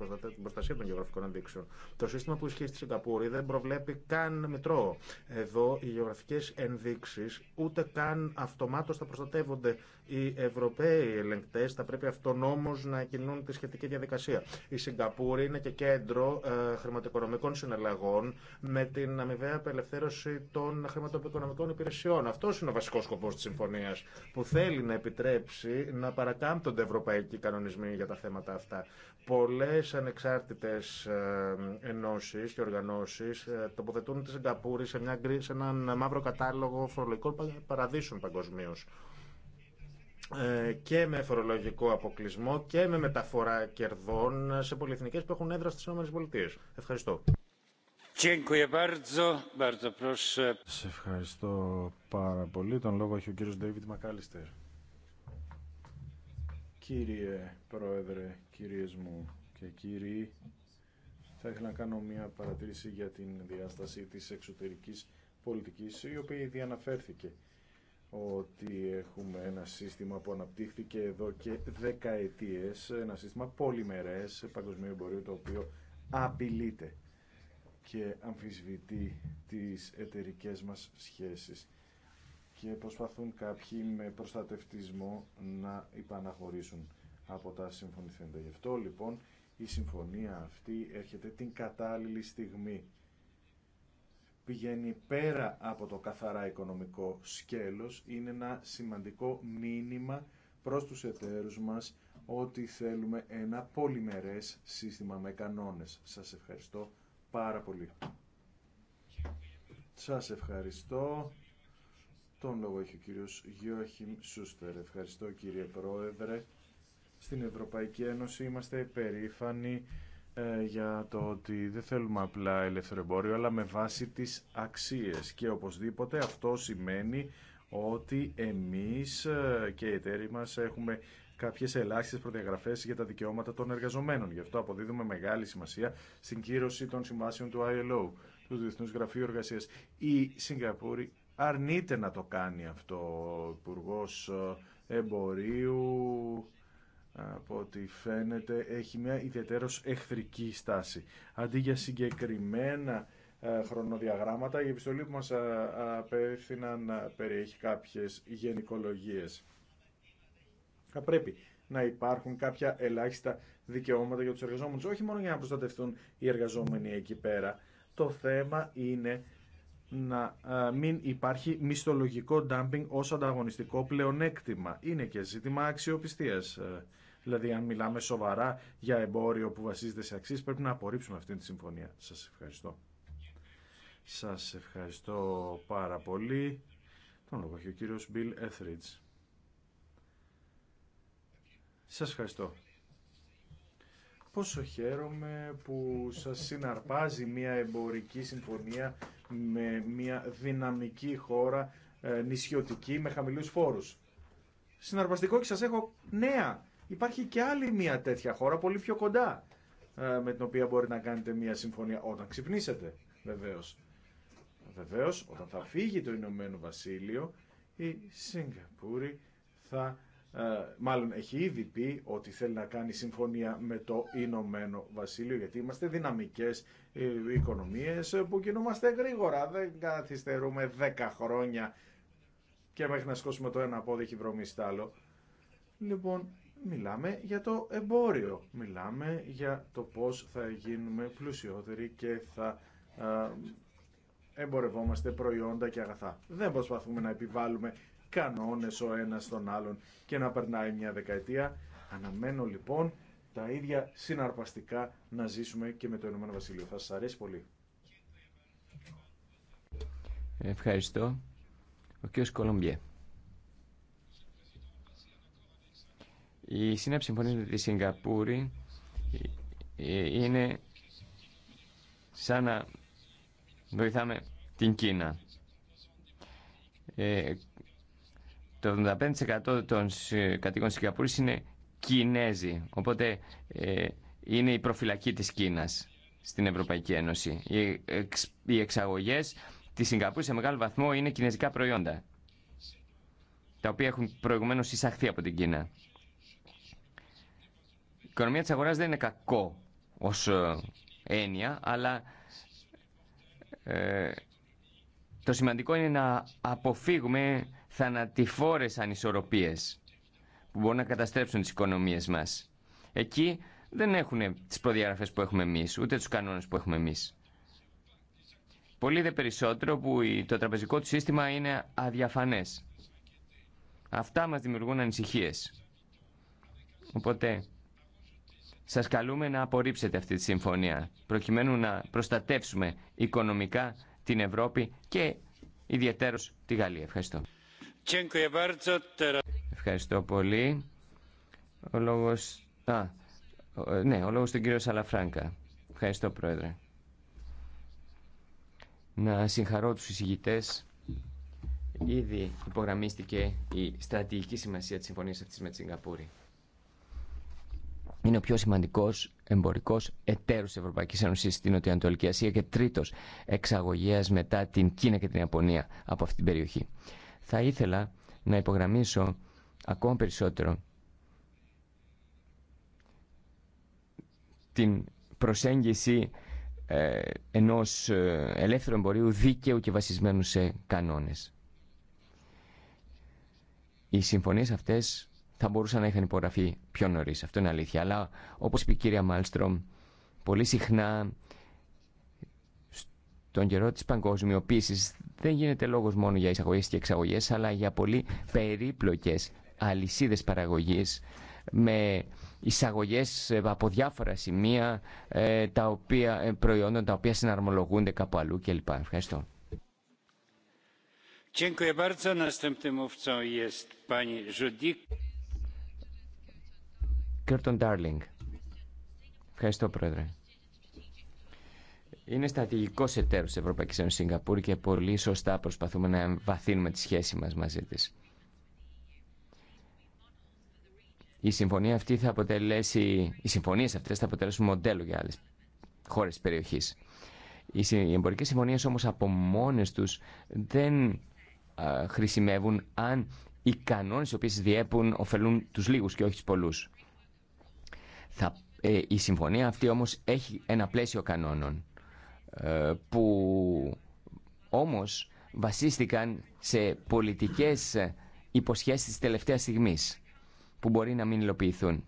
προστασία των γεωγραφικών ενδείξεων. Το σύστημα που ισχύει στη Σιγκαπούρη δεν προβλέπει καν μητρό. Εδώ οι γεωγραφικέ ενδείξει ούτε καν αυτομάτω θα προστατεύουν προστατεύονται οι Ευρωπαίοι ελεγκτέ, θα πρέπει αυτονόμω να κινούν τη σχετική διαδικασία. Η Σιγκαπούρη είναι και κέντρο ε, χρηματοοικονομικών συναλλαγών με την αμοιβαία απελευθέρωση των χρηματοοικονομικών υπηρεσιών. Αυτό είναι ο βασικό σκοπό τη συμφωνία που θέλει να επιτρέψει να παρακάμπτονται ευρωπαϊκοί κανονισμοί για τα θέματα αυτά. Πολλέ ανεξάρτητε ε, ενώσει και οργανώσει ε, τοποθετούν τη Σιγκαπούρη σε, σε έναν μαύρο κατάλογο φορολογικών παραδείσων παγκοσμίω. Ε, και με φορολογικό αποκλεισμό και με μεταφορά κερδών σε πολυεθνικές που έχουν έδρα στις ΗΠΑ. Ευχαριστώ. Σε ευχαριστώ πάρα πολύ. Τον λόγο έχει ο κύριος Ντέιβιτ Μακάλιστερ. Κύριε Πρόεδρε, κυρίες μου και κύριοι, θα ήθελα να κάνω μια παρατήρηση για την διάσταση της εξωτερικής πολιτικής, η οποία ήδη αναφέρθηκε ότι έχουμε ένα σύστημα που αναπτύχθηκε εδώ και δεκαετίες, ένα σύστημα πολυμερές παγκοσμίου εμπορίου το οποίο απειλείται και αμφισβητεί τις εταιρικές μας σχέσεις και προσπαθούν κάποιοι με προστατευτισμό να υπαναχωρήσουν από τα συμφωνηθέντα. Γι' αυτό λοιπόν η συμφωνία αυτή έρχεται την κατάλληλη στιγμή πηγαίνει πέρα από το καθαρά οικονομικό σκέλος είναι ένα σημαντικό μήνυμα προς τους εταίρους μας ότι θέλουμε ένα πολυμερές σύστημα με κανόνες. Σας ευχαριστώ πάρα πολύ. Σας ευχαριστώ. Τον λόγο έχει ο κύριος Γιώχημ Σούστερ. Ευχαριστώ κύριε Πρόεδρε. Στην Ευρωπαϊκή Ένωση είμαστε περήφανοι ε, για το ότι δεν θέλουμε απλά ελεύθερο εμπόριο, αλλά με βάση τις αξίες. Και οπωσδήποτε αυτό σημαίνει ότι εμείς ε, και οι εταίροι μας έχουμε κάποιες ελάχιστες προδιαγραφές για τα δικαιώματα των εργαζομένων. Γι' αυτό αποδίδουμε μεγάλη σημασία στην κύρωση των συμβάσεων του ILO, του Διεθνούς Γραφείου Εργασίας. Η Σιγκαπούρη αρνείται να το κάνει αυτό ο Υπουργός ε, Εμπορίου από ό,τι φαίνεται έχει μια ιδιαίτερως εχθρική στάση. Αντί για συγκεκριμένα ε, χρονοδιαγράμματα, η επιστολή που μας ε, απέφθηναν ε, περιέχει κάποιες γενικολογίες. Θα πρέπει να υπάρχουν κάποια ελάχιστα δικαιώματα για τους εργαζόμενους, όχι μόνο για να προστατευτούν οι εργαζόμενοι εκεί πέρα. Το θέμα είναι να μην υπάρχει μισθολογικό ντάμπινγκ ως ανταγωνιστικό πλεονέκτημα. Είναι και ζήτημα αξιοπιστίας. Δηλαδή, αν μιλάμε σοβαρά για εμπόριο που βασίζεται σε αξίες, πρέπει να απορρίψουμε αυτή τη συμφωνία. Σας ευχαριστώ. Σας ευχαριστώ πάρα πολύ. Τον λόγο έχει ο κύριος Μπιλ Έθριτς. Σας ευχαριστώ. Πόσο χαίρομαι που σας συναρπάζει μια εμπορική συμφωνία με μια δυναμική χώρα ε, νησιωτική με χαμηλούς φόρους. Συναρπαστικό και σας έχω νέα Υπάρχει και άλλη μια τέτοια χώρα πολύ πιο κοντά ε, με την οποία μπορεί να κάνετε μια συμφωνία όταν ξυπνήσετε βεβαίως. Βεβαίως όταν θα φύγει το Ηνωμένο Βασίλειο η Σιγκαπούρη θα ε, μάλλον έχει ήδη πει ότι θέλει να κάνει συμφωνία με το Ηνωμένο Βασίλειο γιατί είμαστε δυναμικές ε, οικονομίες που κινούμαστε γρήγορα δεν καθυστερούμε 10 χρόνια και μέχρι να σκόσουμε το ένα πόδι έχει βρωμίσει άλλο. Λοιπόν, Μιλάμε για το εμπόριο, μιλάμε για το πώς θα γίνουμε πλουσιότεροι και θα εμπορευόμαστε προϊόντα και αγαθά. Δεν προσπαθούμε να επιβάλλουμε κανόνες ο ένας στον άλλον και να περνάει μια δεκαετία. Αναμένω λοιπόν τα ίδια συναρπαστικά να ζήσουμε και με το Ηνωμένο Βασίλειο. Θα σας αρέσει πολύ. Ευχαριστώ. Ο κ. Κολομπιέ. Η σύναψη συμφωνία με τη Σιγκαπούρη ε, ε, είναι σαν να βοηθάμε την Κίνα. Ε, το 75% των κατοίκων της Σιγκαπούρης είναι Κινέζοι, οπότε είναι η προφυλακή της Κίνας στην Ευρωπαϊκή Ένωση. Οι εξαγωγές της Σιγκαπούρης σε μεγάλο βαθμό είναι κινέζικα προϊόντα, τα οποία έχουν προηγουμένως εισαχθεί από την Κίνα οικονομία της αγοράς δεν είναι κακό ως ε, έννοια, αλλά ε, το σημαντικό είναι να αποφύγουμε θανατηφόρες ανισορροπίες που μπορούν να καταστρέψουν τις οικονομίες μας. Εκεί δεν έχουν τις προδιαγραφές που έχουμε εμείς, ούτε τους κανόνες που έχουμε εμείς. Πολύ δε περισσότερο που το τραπεζικό του σύστημα είναι αδιαφανές. Αυτά μας δημιουργούν ανησυχίες. Οπότε σας καλούμε να απορρίψετε αυτή τη συμφωνία, προκειμένου να προστατεύσουμε οικονομικά την Ευρώπη και ιδιαίτερως τη Γαλλία. Ευχαριστώ. Ευχαριστώ πολύ. Ο λόγος... ναι, ο λόγος του κύριο Σαλαφράνκα. Ευχαριστώ, Πρόεδρε. Να συγχαρώ τους συγητές. Ήδη υπογραμμίστηκε η στρατηγική σημασία της συμφωνίας αυτής με τη Σιγκαπούρη είναι ο πιο σημαντικό εμπορικό εταίρο τη Ευρωπαϊκή Ένωση στην Νοτιοανατολική Ασία και τρίτο εξαγωγέα μετά την Κίνα και την Ιαπωνία από αυτή την περιοχή. Θα ήθελα να υπογραμμίσω ακόμα περισσότερο την προσέγγιση ε, ενός ε, ελεύθερου εμπορίου δίκαιου και βασισμένου σε κανόνες. Οι συμφωνίες αυτές θα μπορούσαν να είχαν υπογραφεί πιο νωρί. Αυτό είναι αλήθεια. Αλλά όπως είπε η κυρία Μάλστρομ, πολύ συχνά στον καιρό τη παγκοσμιοποίηση δεν γίνεται λόγος μόνο για εισαγωγέ και εξαγωγές, αλλά για πολύ περίπλοκες αλυσίδες παραγωγής με εισαγωγέ από διάφορα σημεία ε, τα οποία, ε, προϊόντα τα οποία συναρμολογούνται κάπου αλλού κλπ. Ευχαριστώ. Dziękuję bardzo. Następnym mówcą jest pani Κέρτον Ντάρλινγκ. Ευχαριστώ, Πρόεδρε. Είναι στρατηγικό εταίρο τη Ευρωπαϊκή Ένωση Σιγκαπούρη και πολύ σωστά προσπαθούμε να βαθύνουμε τη σχέση μα μαζί τη. Η συμφωνία αυτή θα αποτελέσει, οι συμφωνίε αυτέ θα αποτελέσουν μοντέλο για άλλε χώρε τη περιοχή. Οι εμπορικέ συμφωνίε όμω από μόνε του δεν χρησιμεύουν αν οι κανόνε οι οποίε διέπουν ωφελούν του λίγου και όχι του πολλού. Θα, ε, η συμφωνία αυτή όμως έχει ένα πλαίσιο κανόνων ε, που όμως βασίστηκαν σε πολιτικές υποσχέσεις της τελευταίας στιγμής που μπορεί να μην υλοποιηθούν.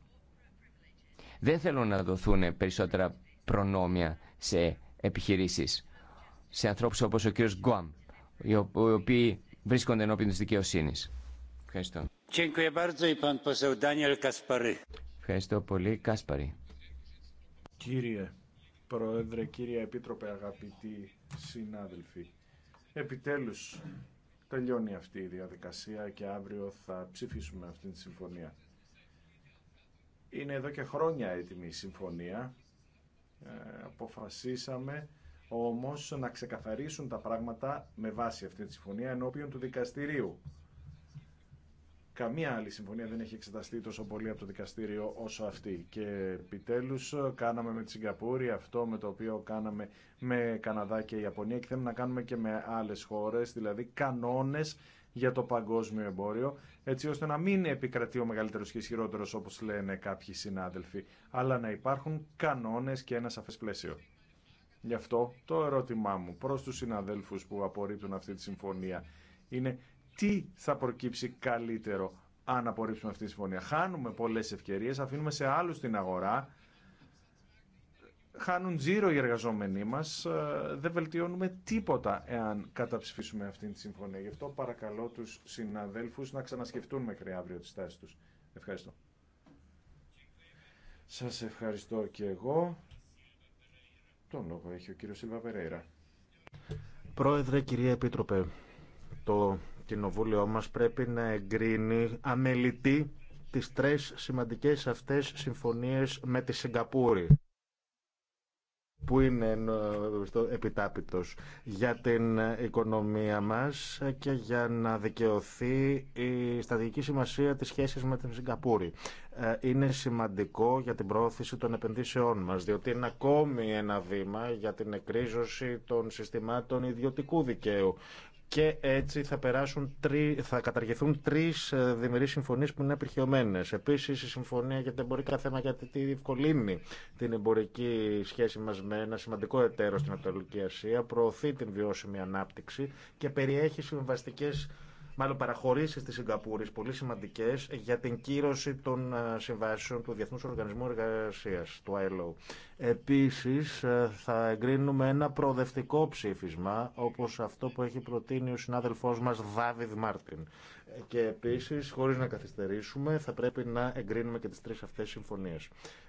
Δεν θέλω να δοθούν περισσότερα προνόμια σε επιχειρήσεις, σε ανθρώπους όπως ο κύριος Γκουάμ, οι οποίοι βρίσκονται ενώπιν της δικαιοσύνης. Ευχαριστώ. Ευχαριστώ πολύ. Κάσπαρη. Κύριε Πρόεδρε, κύριε Επίτροπε, αγαπητοί συνάδελφοι. Επιτέλους τελειώνει αυτή η διαδικασία και αύριο θα ψηφίσουμε αυτή τη συμφωνία. Είναι εδώ και χρόνια έτοιμη η συμφωνία. Ε, αποφασίσαμε όμως να ξεκαθαρίσουν τα πράγματα με βάση αυτή τη συμφωνία ενώπιον του δικαστηρίου. Καμία άλλη συμφωνία δεν έχει εξεταστεί τόσο πολύ από το δικαστήριο όσο αυτή. Και επιτέλου κάναμε με τη Σιγκαπούρη αυτό με το οποίο κάναμε με Καναδά και Ιαπωνία και θέλουμε να κάνουμε και με άλλε χώρε, δηλαδή κανόνε για το παγκόσμιο εμπόριο, έτσι ώστε να μην επικρατεί ο μεγαλύτερο και ισχυρότερο, όπω λένε κάποιοι συνάδελφοι, αλλά να υπάρχουν κανόνε και ένα σαφέ πλαίσιο. Γι' αυτό το ερώτημά μου προ του συναδέλφου που απορρίπτουν αυτή τη συμφωνία είναι τι θα προκύψει καλύτερο αν απορρίψουμε αυτή τη συμφωνία. Χάνουμε πολλές ευκαιρίες, αφήνουμε σε άλλους την αγορά, χάνουν τζίρο οι εργαζόμενοι μα. Ε, δεν βελτιώνουμε τίποτα εάν καταψηφίσουμε αυτή τη συμφωνία. Γι' αυτό παρακαλώ τους συναδέλφους να ξανασκεφτούν μέχρι αύριο τις τάσεις τους. Ευχαριστώ. Σας ευχαριστώ και εγώ. Τον λόγο έχει ο κύριος Σίλβα Πρόεδρε, κυρία Επίτροπε, το κοινοβούλιο μας πρέπει να εγκρίνει αμελητή τις τρεις σημαντικές αυτές συμφωνίες με τη Σιγκαπούρη που είναι ε, στο επιτάπητος για την οικονομία μας και για να δικαιωθεί η στατική σημασία της σχέσης με την Σιγκαπούρη. Ε, είναι σημαντικό για την πρόθεση των επενδύσεών μας, διότι είναι ακόμη ένα βήμα για την εκρίζωση των συστημάτων ιδιωτικού δικαίου και έτσι θα, περάσουν θα καταργηθούν τρει ε, διμερεί συμφωνίε που είναι απερχαιωμένε. Επίση, η συμφωνία για τα εμπορικά θέμα γιατί διευκολύνει την εμπορική σχέση μα με ένα σημαντικό εταίρο στην Ανατολική Ασία, προωθεί την βιώσιμη ανάπτυξη και περιέχει συμβαστικέ μάλλον παραχωρήσει τη Σιγκαπούρη, πολύ σημαντικέ, για την κύρωση των ε, συμβάσεων του Διεθνού Οργανισμού Εργασία, του ILO. Επίση, ε, θα εγκρίνουμε ένα προοδευτικό ψήφισμα, όπω αυτό που έχει προτείνει ο συνάδελφό μα Δάβιδ Μάρτιν. Και επίση, χωρί να καθυστερήσουμε, θα πρέπει να εγκρίνουμε και τι τρει αυτέ συμφωνίε.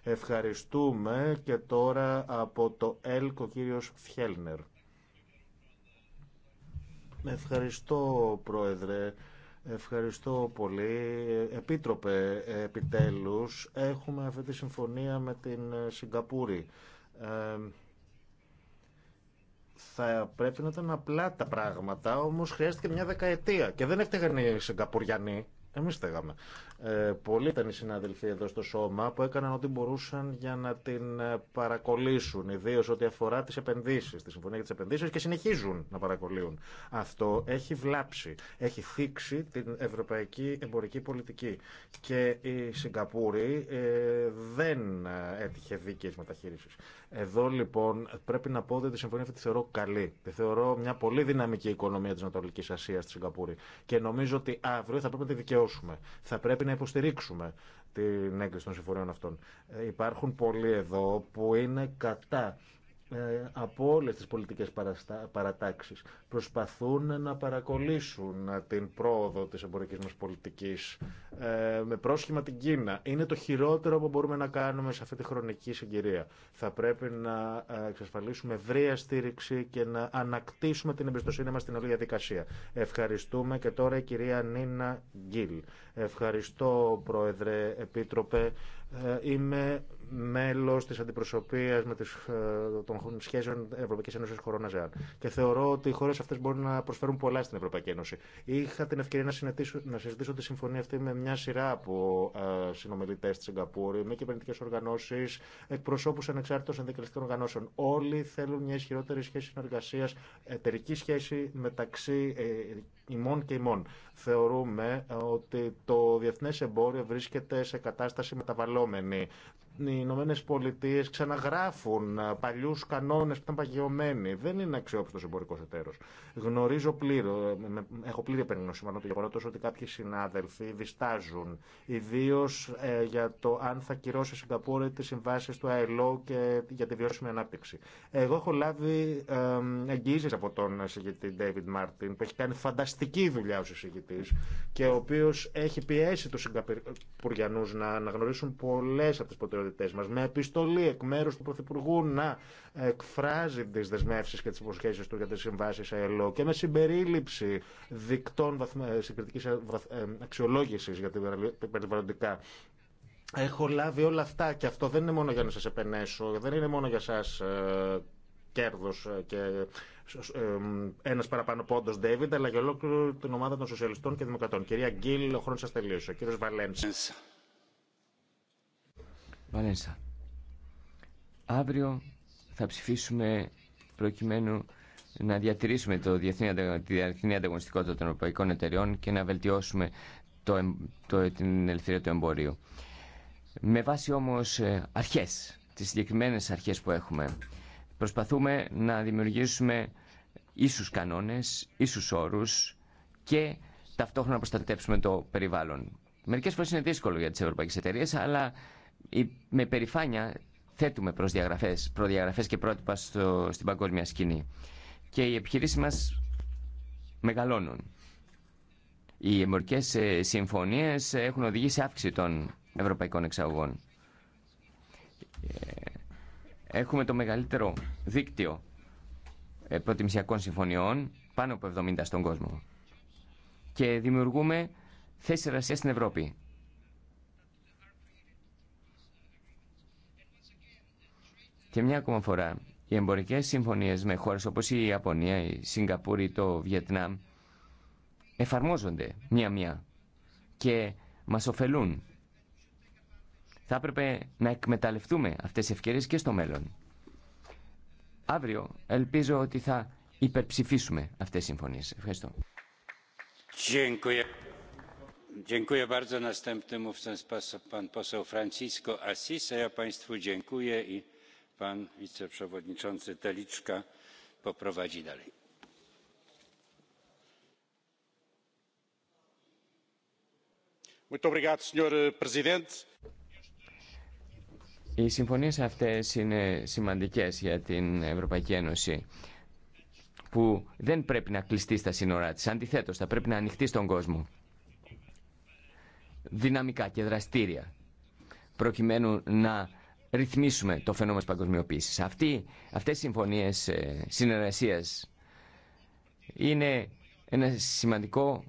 Ευχαριστούμε και τώρα από το ΕΛΚ e ο κύριο Φιέλνερ. Ευχαριστώ, Πρόεδρε. Ευχαριστώ πολύ. Επίτροπε, επιτέλους, έχουμε αυτή τη συμφωνία με την Σιγκαπούρη. Ε, θα πρέπει να ήταν απλά τα πράγματα, όμως χρειάστηκε μια δεκαετία και δεν έχετε οι Σιγκαπουριανοί. Εμεί στέγαμε. Ε, πολλοί ήταν οι συνάδελφοι εδώ στο σώμα που έκαναν ό,τι μπορούσαν για να την ε, παρακολύσουν, ιδίω ό,τι αφορά τι επενδύσει, τη Συμφωνία για τι Επενδύσει και συνεχίζουν να παρακολύουν. Αυτό έχει βλάψει, έχει θίξει την ευρωπαϊκή εμπορική πολιτική. Και η Σιγκαπούρη ε, δεν ε, έτυχε δίκαιε μεταχείριση. Εδώ λοιπόν πρέπει να πω ότι τη συμφωνία αυτή τη θεωρώ καλή. Τη θεωρώ μια πολύ δυναμική οικονομία τη Ανατολική Ασία στη Σιγκαπούρη. Και νομίζω ότι αύριο θα πρέπει να τη δικαιώσουμε. Θα πρέπει να υποστηρίξουμε την έγκριση των συμφωνιών αυτών. Ε, υπάρχουν πολλοί εδώ που είναι κατά ε, από όλες τις πολιτικές παρατάξεις. Προσπαθούν να παρακολύσουν την πρόοδο της εμπορικής μας πολιτικής ε, με πρόσχημα την Κίνα. Είναι το χειρότερο που μπορούμε να κάνουμε σε αυτή τη χρονική συγκυρία. Θα πρέπει να ε, εξασφαλίσουμε ευρεία στήριξη και να ανακτήσουμε την εμπιστοσύνη μας στην όλη διαδικασία. Ευχαριστούμε και τώρα η κυρία Νίνα Γκίλ. Ευχαριστώ, Πρόεδρε, Επίτροπε. Είμαι Μέλο τη αντιπροσωπεία με ε, των σχέσεων Ευρωπαϊκή Ένωση χωρών ΑΖΕΑΝ. Και θεωρώ ότι οι χώρε αυτέ μπορούν να προσφέρουν πολλά στην Ευρωπαϊκή Ένωση. Είχα την ευκαιρία να, συνετήσω, να συζητήσω τη συμφωνία αυτή με μια σειρά από ε, συνομιλητές της Σιγκαπούρη, με κυβερνητικέ οργανώσεις, εκπροσώπους ανεξάρτητων συνδικαλιστικών οργανώσεων. Όλοι θέλουν μια ισχυρότερη σχέση συνεργασία, εταιρική σχέση μεταξύ ε, ημών και ημών. Θεωρούμε ότι το Διεθνέ εμπόριο βρίσκεται σε κατάσταση μεταβαλλόμενη οι Ηνωμένε Πολιτείε ξαναγράφουν ε, παλιού κανόνε που ήταν παγιωμένοι. Δεν είναι αξιόπιστο εμπορικό εταίρο. Γνωρίζω πλήρω, ε, έχω πλήρη επενδυνόση μάλλον το γεγονότο ότι κάποιοι συνάδελφοι διστάζουν, ιδίω ε, για το αν θα κυρώσει η Σιγκαπούρη τι συμβάσει του ΑΕΛΟ και για τη βιώσιμη ανάπτυξη. Εγώ έχω λάβει εγγυήσει από τον συγγητή David Martin, που έχει κάνει φανταστική δουλειά ω συγγητή και ο οποίο έχει πιέσει του Σιγκαπουριανού να αναγνωρίσουν πολλέ από τι προτεραιότητε μα, με επιστολή εκ μέρου του Πρωθυπουργού να εκφράζει τι δεσμεύσει και τι υποσχέσει του για τι συμβάσει ΑΕΛΟ και με συμπερίληψη δικτών ε, συγκριτική ε, ε, αξιολόγηση για την περιβαλλοντικά Έχω λάβει όλα αυτά και αυτό δεν είναι μόνο για να σας επενέσω, δεν είναι μόνο για σας κέρδο και ένα ένας παραπάνω πόντος Ντέιβιντ, αλλά για ολόκληρη την ομάδα των Σοσιαλιστών και Δημοκρατών. Κυρία Γκίλ, ο χρόνος σας τελείωσε. Κύριος Βαλέντσα. Βαλένσα. Αύριο θα ψηφίσουμε προκειμένου να διατηρήσουμε το διεθνή, τη διεθνή ανταγωνιστικότητα των ευρωπαϊκών εταιριών και να βελτιώσουμε το, το, την ελευθερία του εμπορίου. Με βάση όμως ε, αρχές, τις συγκεκριμένες αρχές που έχουμε, προσπαθούμε να δημιουργήσουμε ίσους κανόνες, ίσους όρους και ταυτόχρονα να προστατεύσουμε το περιβάλλον. Μερικές φορές είναι δύσκολο για τις ευρωπαϊκές εταιρείες, αλλά με περηφάνεια θέτουμε διαγραφές προδιαγραφές και πρότυπα στο, στην παγκόσμια σκηνή. Και οι επιχειρήσεις μας μεγαλώνουν. Οι εμπορικές ε, συμφωνίες ε, έχουν οδηγήσει σε αύξηση των ευρωπαϊκών εξαγωγών. Ε, έχουμε το μεγαλύτερο δίκτυο προτιμησιακών συμφωνιών, πάνω από 70 στον κόσμο. Και δημιουργούμε θέσεις εργασία στην Ευρώπη. Και μια ακόμα φορά, οι εμπορικέ συμφωνίε με χώρε όπω η Ιαπωνία, η Σιγκαπούρη, το Βιετνάμ εφαρμόζονται μία-μία και μα ωφελούν. Θα έπρεπε να εκμεταλλευτούμε αυτέ τι ευκαιρίες και στο μέλλον. Αύριο ελπίζω ότι θα υπερψηφίσουμε αυτές τις συμφωνίες. Ευχαριστώ. Dziękuję bardzo. pan pan wiceprzewodniczący telika eh, Οι συμφωνίε αυτές είναι σημαντικές για την Ευρωπαϊκή Ένωση που δεν πρέπει να κλειστεί στα σύνορά τη. Αντιθέτω, θα πρέπει να ανοιχτεί στον κόσμο δυναμικά και δραστήρια προκειμένου να ρυθμίσουμε το φαινόμενο της παγκοσμιοποίησης. Αυτή, αυτές οι συμφωνίες ε, συνεργασίας είναι ένα σημαντικό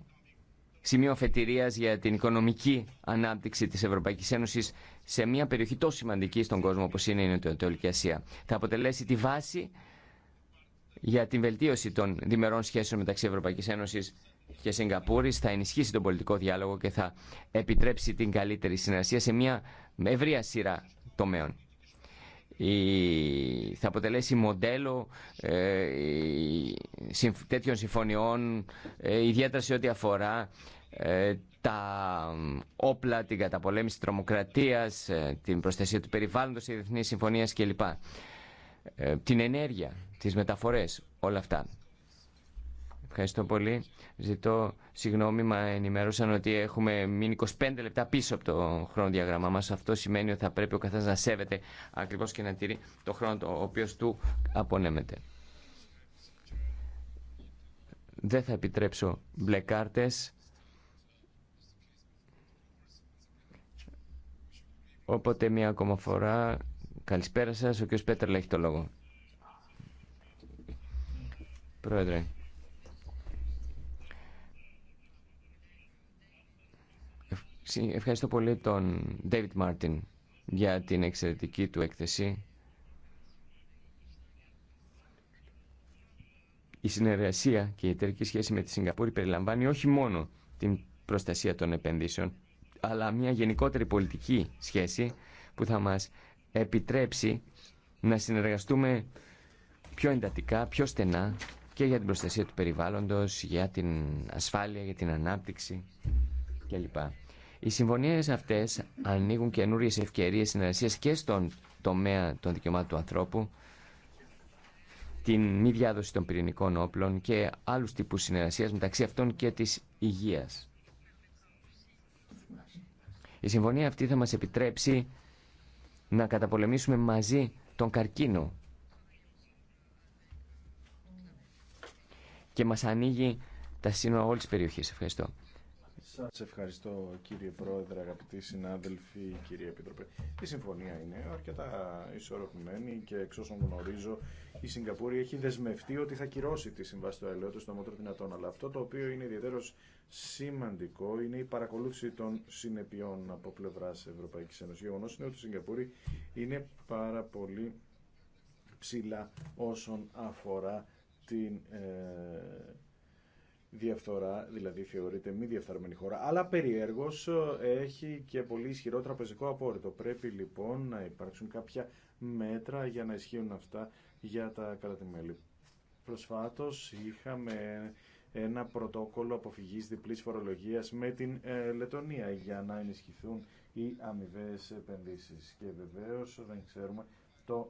σημείο φετηρίας για την οικονομική ανάπτυξη της Ευρωπαϊκής Ένωσης σε μια περιοχή τόσο σημαντική στον κόσμο όπως είναι η Νοτιοτεολική Ασία. Θα αποτελέσει τη βάση για την βελτίωση των διμερών σχέσεων μεταξύ Ευρωπαϊκής Ένωσης και Σιγκαπούρης, θα ενισχύσει τον πολιτικό διάλογο και θα επιτρέψει την καλύτερη συνεργασία σε μια ευρεία σειρά τομέων. Η... Θα αποτελέσει μοντέλο ε, τέτοιων συμφωνιών, ε, ιδιαίτερα σε ό,τι αφορά ε, τα όπλα, την καταπολέμηση της τρομοκρατίας, ε, την προστασία του περιβάλλοντος, η διεθνή συμφωνία κλπ. Την ενέργεια, τις μεταφορές, όλα αυτά. Ευχαριστώ πολύ. Ζητώ συγγνώμη, μα ενημέρωσαν ότι έχουμε μείνει 25 λεπτά πίσω από το διαγράμμα μας. Αυτό σημαίνει ότι θα πρέπει ο καθένα να σέβεται ακριβώ και να τηρεί το χρόνο το οποίο του απονέμεται. Δεν θα επιτρέψω μπλε κάρτε. Οπότε μία ακόμα φορά, καλησπέρα σας, ο κ. Πέτρελ έχει το λόγο. Πρόεδρε. Ευχαριστώ πολύ τον David Μάρτιν για την εξαιρετική του έκθεση. Η συνεργασία και η εταιρική σχέση με τη Σιγκαπούρη περιλαμβάνει όχι μόνο την προστασία των επενδύσεων, αλλά μια γενικότερη πολιτική σχέση που θα μας επιτρέψει να συνεργαστούμε πιο εντατικά, πιο στενά και για την προστασία του περιβάλλοντος, για την ασφάλεια, για την ανάπτυξη κλπ. Οι συμφωνίες αυτές ανοίγουν καινούριε ευκαιρίες συνεργασία και στον τομέα των δικαιωμάτων του ανθρώπου, την μη διάδοση των πυρηνικών όπλων και άλλους τύπους συνεργασία μεταξύ αυτών και της υγείας. Η συμφωνία αυτή θα μας επιτρέψει να καταπολεμήσουμε μαζί τον καρκίνο και μας ανοίγει τα σύνορα όλης της περιοχής. Ευχαριστώ. Σας ευχαριστώ κύριε Πρόεδρε, αγαπητοί συνάδελφοι, κύριε Επίτροπε. Η συμφωνία είναι αρκετά ισορροπημένη και εξ όσων γνωρίζω η Σιγκαπούρη έχει δεσμευτεί ότι θα κυρώσει τη συμβάση του αελαιού του δυνατόν. Αλλά αυτό το οποίο είναι ιδιαίτερο σημαντικό είναι η παρακολούθηση των συνεπειών από πλευρά Ευρωπαϊκή Ένωση. Γεγονό είναι ότι η Σιγκαπούρη είναι πάρα πολύ ψηλά όσον αφορά την ε, διαφθορά, δηλαδή θεωρείται μη διαφθαρμένη χώρα, αλλά περιέργως ε, έχει και πολύ ισχυρό τραπεζικό απόρριτο. Πρέπει λοιπόν να υπάρξουν κάποια μέτρα για να ισχύουν αυτά για τα κράτη-μέλη. Προσφάτως είχαμε ένα πρωτόκολλο αποφυγής διπλής φορολογίας με την ε, Λετωνία για να ενισχυθούν οι αμοιβέ επενδύσεις. Και βεβαίως δεν ξέρουμε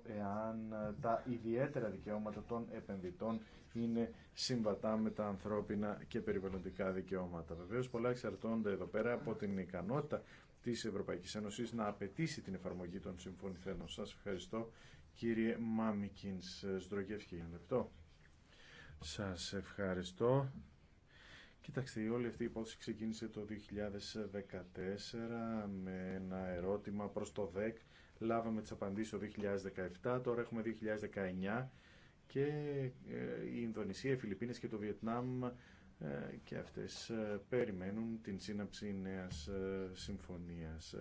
εάν τα ιδιαίτερα δικαιώματα των επενδυτών είναι συμβατά με τα ανθρώπινα και περιβαλλοντικά δικαιώματα. Βεβαίως πολλά εξαρτώνται εδώ πέρα από την ικανότητα της Ευρωπαϊκής Ένωσης να απαιτήσει την εφαρμογή των συμφωνηθένων. Σας ευχαριστώ κύριε Μάμικινς Σδρογεύσκη λεπτό. Σας ευχαριστώ. Κοιτάξτε, όλη αυτή η υπόθεση ξεκίνησε το 2014 με ένα ερώτημα προς το ΔΕΚ λάβαμε τις απαντήσεις το 2017, τώρα έχουμε 2019 και ε, η Ινδονησία, οι Φιλιππίνες και το Βιετνάμ ε, και αυτές ε, περιμένουν την σύναψη νέας συμφωνίας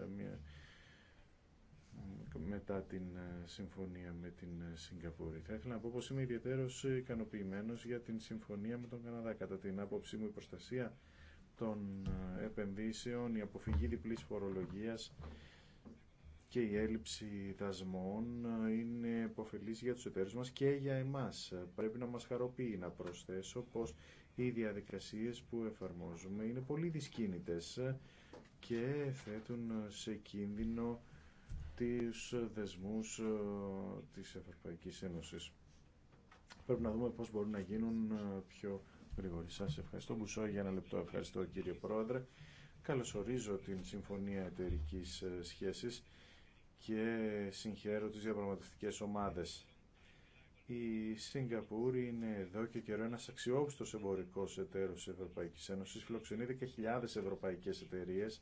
μετά την συμφωνία με την Σιγκαπούρη. Θα ήθελα να πω πως είμαι ιδιαίτερος ικανοποιημένος για την συμφωνία με τον Καναδά. Κατά την άποψή μου η προστασία των επενδύσεων, η αποφυγή διπλής φορολογίας και η έλλειψη δασμών είναι υποφελής για τους εταίρους μας και για εμάς. Πρέπει να μας χαροποιεί να προσθέσω πως οι διαδικασίες που εφαρμόζουμε είναι πολύ δυσκίνητες και θέτουν σε κίνδυνο τις δεσμούς ε, της Ευρωπαϊκής Ένωσης. Πρέπει να δούμε πώς μπορούν να γίνουν ε, πιο γρήγοροι. Σας ευχαριστώ Μπουσό για ένα λεπτό. Ευχαριστώ κύριε Πρόεδρε. Καλωσορίζω την Συμφωνία Εταιρικής ε, Σχέσης και συγχαίρω τις διαπραγματευτικές ομάδες. Η Σιγκαπούρη είναι εδώ και καιρό ένας αξιόπιστος εμπορικός εταίρος της Ευρωπαϊκής Ένωσης, φιλοξενείται και χιλιάδες ευρωπαϊκές εταιρείες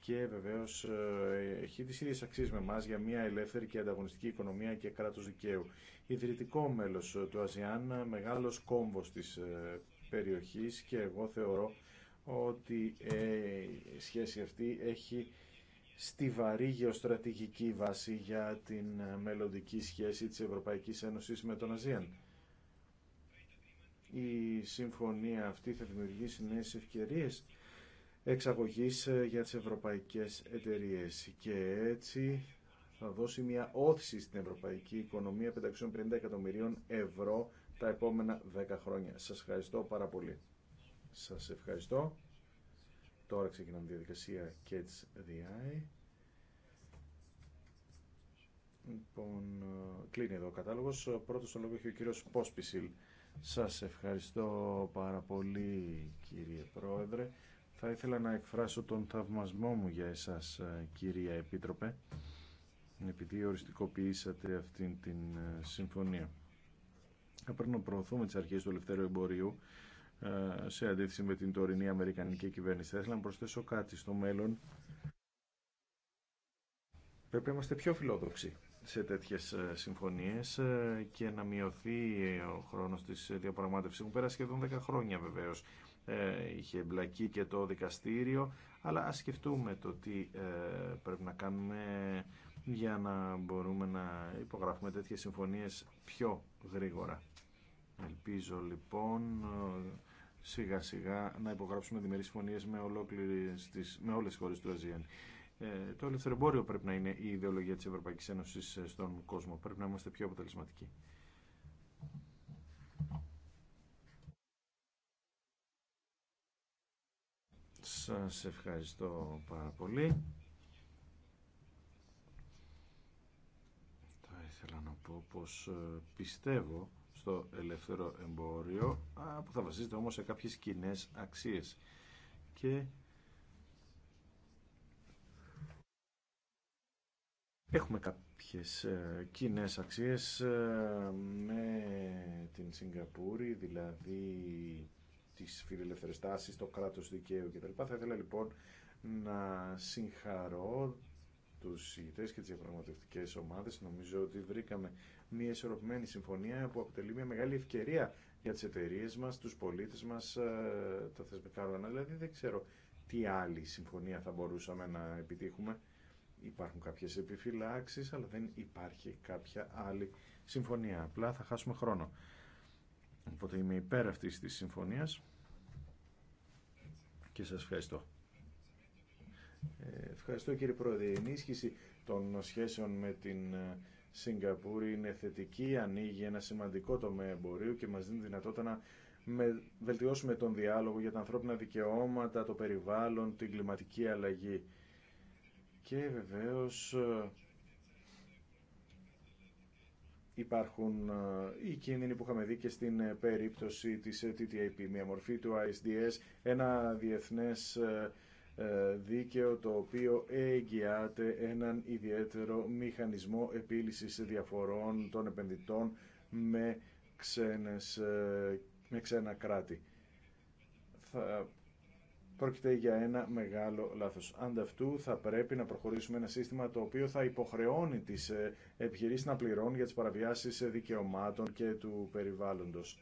και βεβαίως ε, έχει τις ίδιες αξίες με εμά για μια ελεύθερη και ανταγωνιστική οικονομία και κράτος δικαίου. Ιδρυτικό μέλος του ΑΖΙΑΝ, μεγάλος κόμβος της ε, περιοχής και εγώ θεωρώ ότι ε, η σχέση αυτή έχει στη βαρύ γεωστρατηγική βάση για την ε, μελλοντική σχέση της Ευρωπαϊκής Ένωσης με τον Αζίαν. Η συμφωνία αυτή θα δημιουργήσει νέες ευκαιρίες εξαγωγής ε, για τις ευρωπαϊκές εταιρείες και έτσι θα δώσει μια όθηση στην ευρωπαϊκή οικονομία 550 εκατομμυρίων ευρώ τα επόμενα 10 χρόνια. Σας ευχαριστώ πάρα πολύ. Σας ευχαριστώ. Τώρα ξεκινάμε τη διαδικασία Catch the Eye. Λοιπόν, ε, κλείνει εδώ ο κατάλογος. Ε, πρώτος στον λόγο έχει ο κύριος Πόσπισιλ. Σας ευχαριστώ πάρα πολύ κύριε Πρόεδρε. Θα ήθελα να εκφράσω τον θαυμασμό μου για εσάς ε, κυρία Επίτροπε επειδή οριστικοποιήσατε αυτήν την συμφωνία. Θα πρέπει να προωθούμε τις αρχές του ελευθερίου εμπορίου ε, σε αντίθεση με την τωρινή Αμερικανική κυβέρνηση. Θα ήθελα να προσθέσω κάτι στο μέλλον. Πρέπει να είμαστε πιο φιλόδοξοι σε τέτοιες ε, συμφωνίες ε, και να μειωθεί ο χρόνος της διαπραγμάτευσης. Έχουν πέρασει σχεδόν 10 χρόνια βεβαίως. Είχε εμπλακεί και το δικαστήριο, αλλά ας σκεφτούμε το τι πρέπει να κάνουμε για να μπορούμε να υπογράφουμε τέτοιες συμφωνίες πιο γρήγορα. Ελπίζω λοιπόν ε, σιγά σιγά να υπογράψουμε διμερείς συμφωνίες με, τις, με όλες τις χώρες του ΑΖΙΑΝ. Ε, το ελευθερμόριο πρέπει να είναι η ιδεολογία της Ευρωπαϊκής Ένωσης ε, στον κόσμο. Πρέπει να είμαστε πιο αποτελεσματικοί. Σας ευχαριστώ πάρα πολύ. Θα ήθελα να πω πως ε, πιστεύω στο ελεύθερο εμπόριο που θα βασίζεται όμως σε κάποιες κοινέ αξίες και έχουμε κάποιες ε, κοινέ αξίες ε, με την Σιγκαπούρη δηλαδή τις φιλελεύθερες τάσεις, το κράτος δικαίου κτλ. Θα ήθελα λοιπόν να συγχαρώ τους ηγητές και τις διαπραγματευτικές ομάδες. Νομίζω ότι βρήκαμε μια ισορροπημένη συμφωνία που αποτελεί μια μεγάλη ευκαιρία για τις εταιρείε μας, τους πολίτες μας, ε, τα θεσμικά όργανα. Δηλαδή δεν ξέρω τι άλλη συμφωνία θα μπορούσαμε να επιτύχουμε. Υπάρχουν κάποιες επιφυλάξεις, αλλά δεν υπάρχει κάποια άλλη συμφωνία. Απλά θα χάσουμε χρόνο. Οπότε είμαι υπέρ αυτή τη συμφωνία. και σας ευχαριστώ. Ε, ευχαριστώ κύριε Πρόεδρε. Η ενίσχυση των σχέσεων με την ε, Σιγκαπούρη είναι θετική, ανοίγει ένα σημαντικό τομέα εμπορίου και μας δίνει δυνατότητα να με, βελτιώσουμε τον διάλογο για τα ανθρώπινα δικαιώματα, το περιβάλλον, την κλιματική αλλαγή. Και βεβαίως ε, υπάρχουν ε, οι κίνδυνοι που είχαμε δει και στην ε, περίπτωση της TTIP, μια μορφή του ISDS, ένα διεθνές ε, δίκαιο το οποίο εγγυάται έναν ιδιαίτερο μηχανισμό επίλυσης διαφορών των επενδυτών με, ξένες, ε, με ξένα κράτη. Θα πρόκειται για ένα μεγάλο λάθος. Ανταυτού θα πρέπει να προχωρήσουμε ένα σύστημα το οποίο θα υποχρεώνει τις ε, επιχειρήσεις να πληρώνουν για τις παραβιάσεις δικαιωμάτων και του περιβάλλοντος.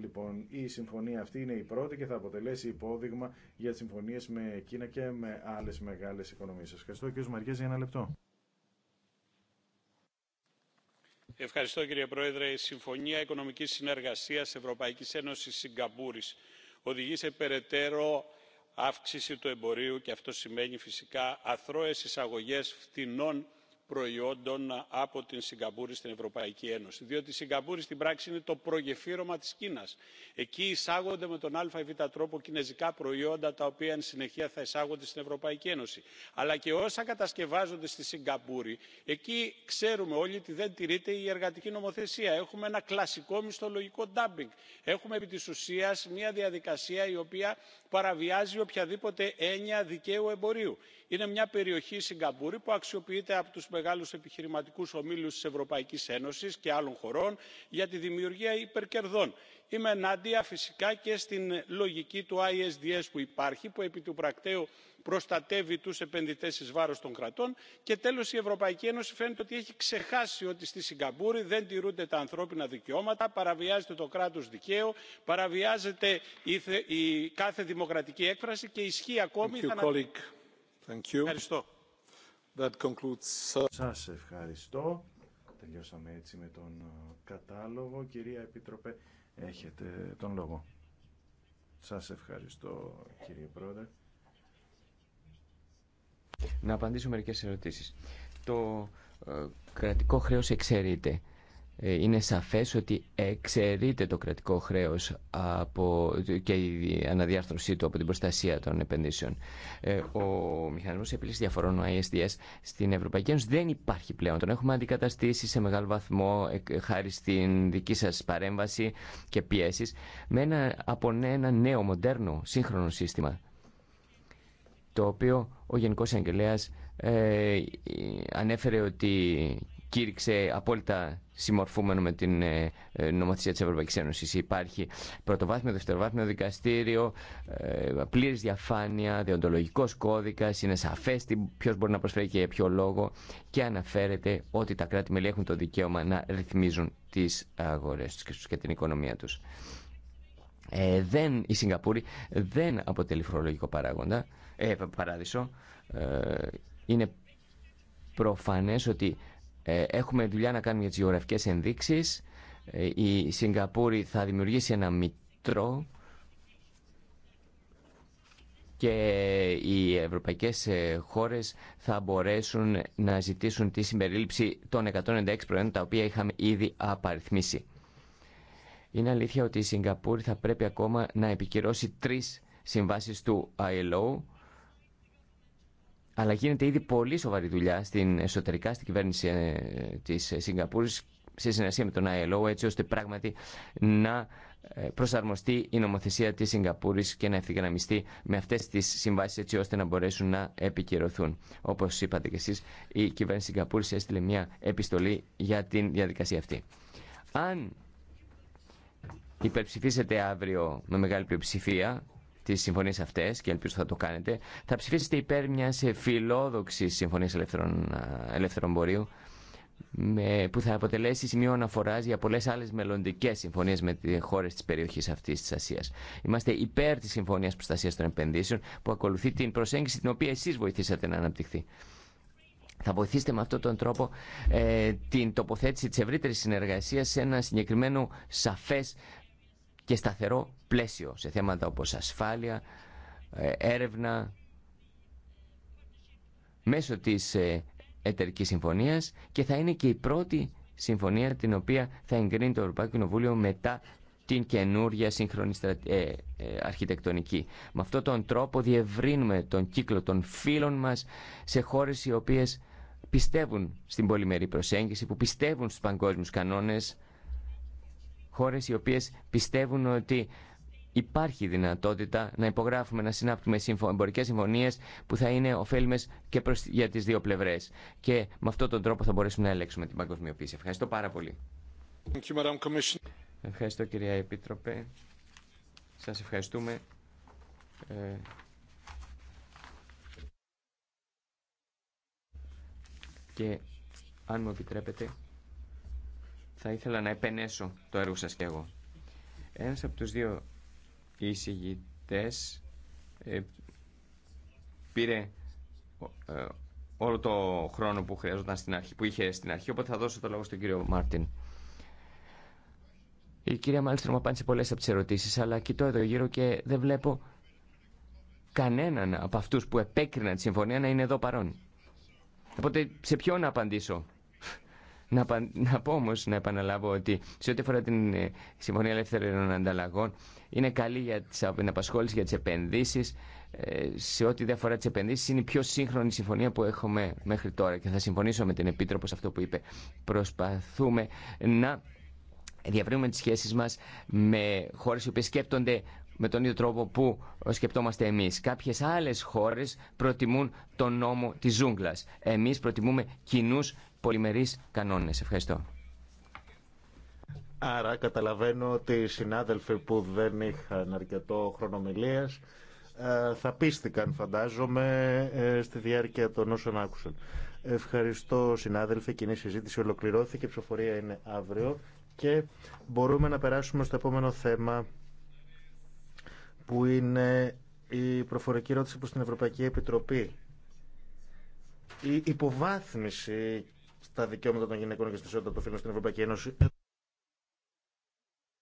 Λοιπόν, η συμφωνία αυτή είναι η πρώτη και θα αποτελέσει υπόδειγμα για τις συμφωνίες με Κίνα και με άλλες μεγάλες οικονομίες. Σας ευχαριστώ κύριε για ένα λεπτό. Ευχαριστώ κύριε Πρόεδρε. Η Συμφωνία Οικονομικής Συνεργασίας Ευρωπαϊκής Ένωσης Συγκαμπούρης οδηγεί σε περαιτέρω αύξηση του εμπορίου και αυτό σημαίνει φυσικά αθρώες εισαγωγές φθηνών προϊόντων από την σιγκαπούρη στην ευρωπαϊκή ένωση διότι η σιγκαπούρη στην πράξη είναι το προγεφύρωμα της κίνας. εκεί εισάγονται με τον α ή β τρόπο κινεζικά προϊόντα τα οποία εν συνεχεία θα εισάγονται στην ευρωπαϊκή ένωση. αλλά και όσα κατασκευάζονται στη σιγκαπούρη εκεί ξέρουμε όλοι ότι δεν τηρείται τροπο νομοθεσία. έχουμε ένα κλασικό μισθολογικό ντάμπινγκ. έχουμε επί της ουσίας μια διαδικασία η οποία παραβιάζει οποιαδήποτε έννοια δικαίου εμπορίου είναι μια περιοχή η σιγκαπούρη που αξιοποιείται από τους μεγάλους επιχειρηματικούς ομίλους της ευρωπαϊκής ένωσης και άλλων χωρών για τη δημιουργία υπερκερδών. είμαι ενάντια φυσικά και στην λογική του isds που υπάρχει που επί του πρακτέου προστατεύει τους επενδυτές εις βάρος των κρατών και τέλος η ευρωπαϊκή ένωση φαίνεται ότι έχει ξεχάσει ότι στη σιγκαπούρη δεν τηρούνται τα ανθρώπινα δικαιώματα παραβιάζεται το κράτος δικαίου παραβιάζεται η κάθε δημοκρατική έκφραση και ισχύει ακόμη Ευχαριστώ. Uh, Σας ευχαριστώ. Τελειώσαμε έτσι με τον ε, κατάλογο. Κυρία Επίτροπε, έχετε τον λόγο. Σας ευχαριστώ κύριε Πρόεδρε. Να απαντήσω μερικές ερωτήσεις. Το ε, κρατικό χρέος εξαιρείται. Ε, είναι σαφές ότι εξαιρείται το κρατικό χρέος από, και η αναδιάρθρωσή του από την προστασία των επενδύσεων. Ε, ο μηχανισμός επίλυσης διαφορών, ο ISDS, στην Ευρωπαϊκή Ένωση δεν υπάρχει πλέον. Τον έχουμε αντικαταστήσει σε μεγάλο βαθμό χάρη στην δική σας παρέμβαση και πιέσεις με ένα, από ναι, ένα νέο, μοντέρνο, σύγχρονο σύστημα το οποίο ο Γενικός Αγγελέας ε, ανέφερε ότι κήρυξε απόλυτα συμμορφούμενο με την ε, ε, νομοθεσία της Ευρωπαϊκής Ένωσης. Υπάρχει πρωτοβάθμιο, δευτεροβάθμιο δικαστήριο, ε, πλήρης διαφάνεια, διοντολογικός κώδικας, είναι σαφές ποιος μπορεί να προσφέρει και για ποιο λόγο και αναφέρεται ότι τα κράτη-μέλη έχουν το δικαίωμα να ρυθμίζουν τις αγορές τους και την οικονομία τους. Ε, δεν, η Σιγκαπούρη δεν αποτελεί φορολογικό παράγοντα, ε, παράδεισο. Ε, είναι προφανές ότι ε, έχουμε δουλειά να κάνουμε για τις γεωγραφικές ενδείξεις. Ε, η Σιγκαπούρη θα δημιουργήσει ένα μητρό και οι ευρωπαϊκές ε, χώρες θα μπορέσουν να ζητήσουν τη συμπερίληψη των 196 προϊόντων τα οποία είχαμε ήδη απαριθμίσει. Είναι αλήθεια ότι η Σιγκαπούρη θα πρέπει ακόμα να επικυρώσει τρεις συμβάσεις του ILO αλλά γίνεται ήδη πολύ σοβαρή δουλειά στην εσωτερικά στην κυβέρνηση ε, της Σιγκαπούρης σε συνεργασία με τον ILO έτσι ώστε πράγματι να ε, προσαρμοστεί η νομοθεσία της Σιγκαπούρης και να ευθυγραμμιστεί με αυτές τις συμβάσεις έτσι ώστε να μπορέσουν να επικυρωθούν. Όπως είπατε και εσείς, η κυβέρνηση Σιγκαπούρης έστειλε μια επιστολή για την διαδικασία αυτή. Αν υπερψηφίσετε αύριο με μεγάλη πλειοψηφία, τι συμφωνίε αυτέ, και ελπίζω θα το κάνετε, θα ψηφίσετε υπέρ μια φιλόδοξη συμφωνία ελεύθερων, ελεύθερων που θα αποτελέσει σημείο αναφορά για πολλέ άλλε μελλοντικέ συμφωνίε με χώρε τη περιοχή αυτή τη Ασία. Είμαστε υπέρ τη Συμφωνία Προστασία των Επενδύσεων, που ακολουθεί την προσέγγιση την οποία εσεί βοηθήσατε να αναπτυχθεί. Θα βοηθήσετε με αυτόν τον τρόπο ε, την τοποθέτηση της ευρύτερης συνεργασίας σε ένα συγκεκριμένο σαφές και σταθερό πλαίσιο σε θέματα όπως ασφάλεια, ε, έρευνα, μέσω της ε, εταιρικής συμφωνίας και θα είναι και η πρώτη συμφωνία την οποία θα εγκρίνει το Ευρωπαϊκό Κοινοβούλιο μετά την καινούρια σύγχρονη ε, αρχιτεκτονική. Με αυτόν τον τρόπο διευρύνουμε τον κύκλο των φίλων μας σε χώρες οι οποίες πιστεύουν στην πολυμερή προσέγγιση, που πιστεύουν στους παγκόσμιους κανόνες, χώρες οι οποίες πιστεύουν ότι υπάρχει δυνατότητα να υπογράφουμε, να συνάπτουμε εμπορικές συμφωνίες που θα είναι ωφέλιμες και προς, για τις δύο πλευρές. Και με αυτόν τον τρόπο θα μπορέσουμε να ελέγξουμε την παγκοσμιοποίηση. Ευχαριστώ πάρα πολύ. Ευχαριστώ κυρία Επίτροπε. Σας ευχαριστούμε. Ε... Και αν μου επιτρέπετε θα ήθελα να επενέσω το έργο σας και εγώ. Ένας από τους δύο εισηγητές ε, πήρε ε, όλο το χρόνο που χρειαζόταν στην αρχή, που είχε στην αρχή, οπότε θα δώσω το λόγο στον κύριο Μάρτιν. Η κυρία μου απάντησε πολλές από τις ερωτήσεις, αλλά κοιτώ εδώ γύρω και δεν βλέπω κανέναν από αυτούς που επέκριναν τη συμφωνία να είναι εδώ παρόν. Οπότε σε ποιον απαντήσω. Να, να πω όμω, να επαναλάβω ότι σε ό,τι αφορά την ε, Συμφωνία Ελεύθερων Ανταλλαγών, είναι καλή για την απασχόληση, για τι επενδύσει. Ε, σε ό,τι δεν αφορά τι επενδύσει, είναι η πιο σύγχρονη συμφωνία που έχουμε μέχρι τώρα και θα συμφωνήσω με την Επίτροπο σε αυτό που είπε. Προσπαθούμε να διαβρύνουμε τι σχέσει μα με χώρε οι οποίες σκέπτονται με τον ίδιο τρόπο που σκεπτόμαστε εμείς. Κάποιες άλλες χώρες προτιμούν τον νόμο της ζούγκλας. Εμείς προτιμούμε κοινού. Πολυμερει κανόνες. Ευχαριστώ. Άρα καταλαβαίνω ότι οι συνάδελφοι που δεν είχαν αρκετό χρονομιλίας ε, θα πίστηκαν φαντάζομαι ε, στη διάρκεια των όσων άκουσαν. Ευχαριστώ συνάδελφοι, κοινή συζήτηση ολοκληρώθηκε, η ψηφοφορία είναι αύριο και μπορούμε να περάσουμε στο επόμενο θέμα που είναι η προφορική ερώτηση προς την Ευρωπαϊκή Επιτροπή. Η υποβάθμιση τα δικαιώματα των γυναικών και στη ισότητα των φίλων στην Ευρωπαϊκή Ένωση.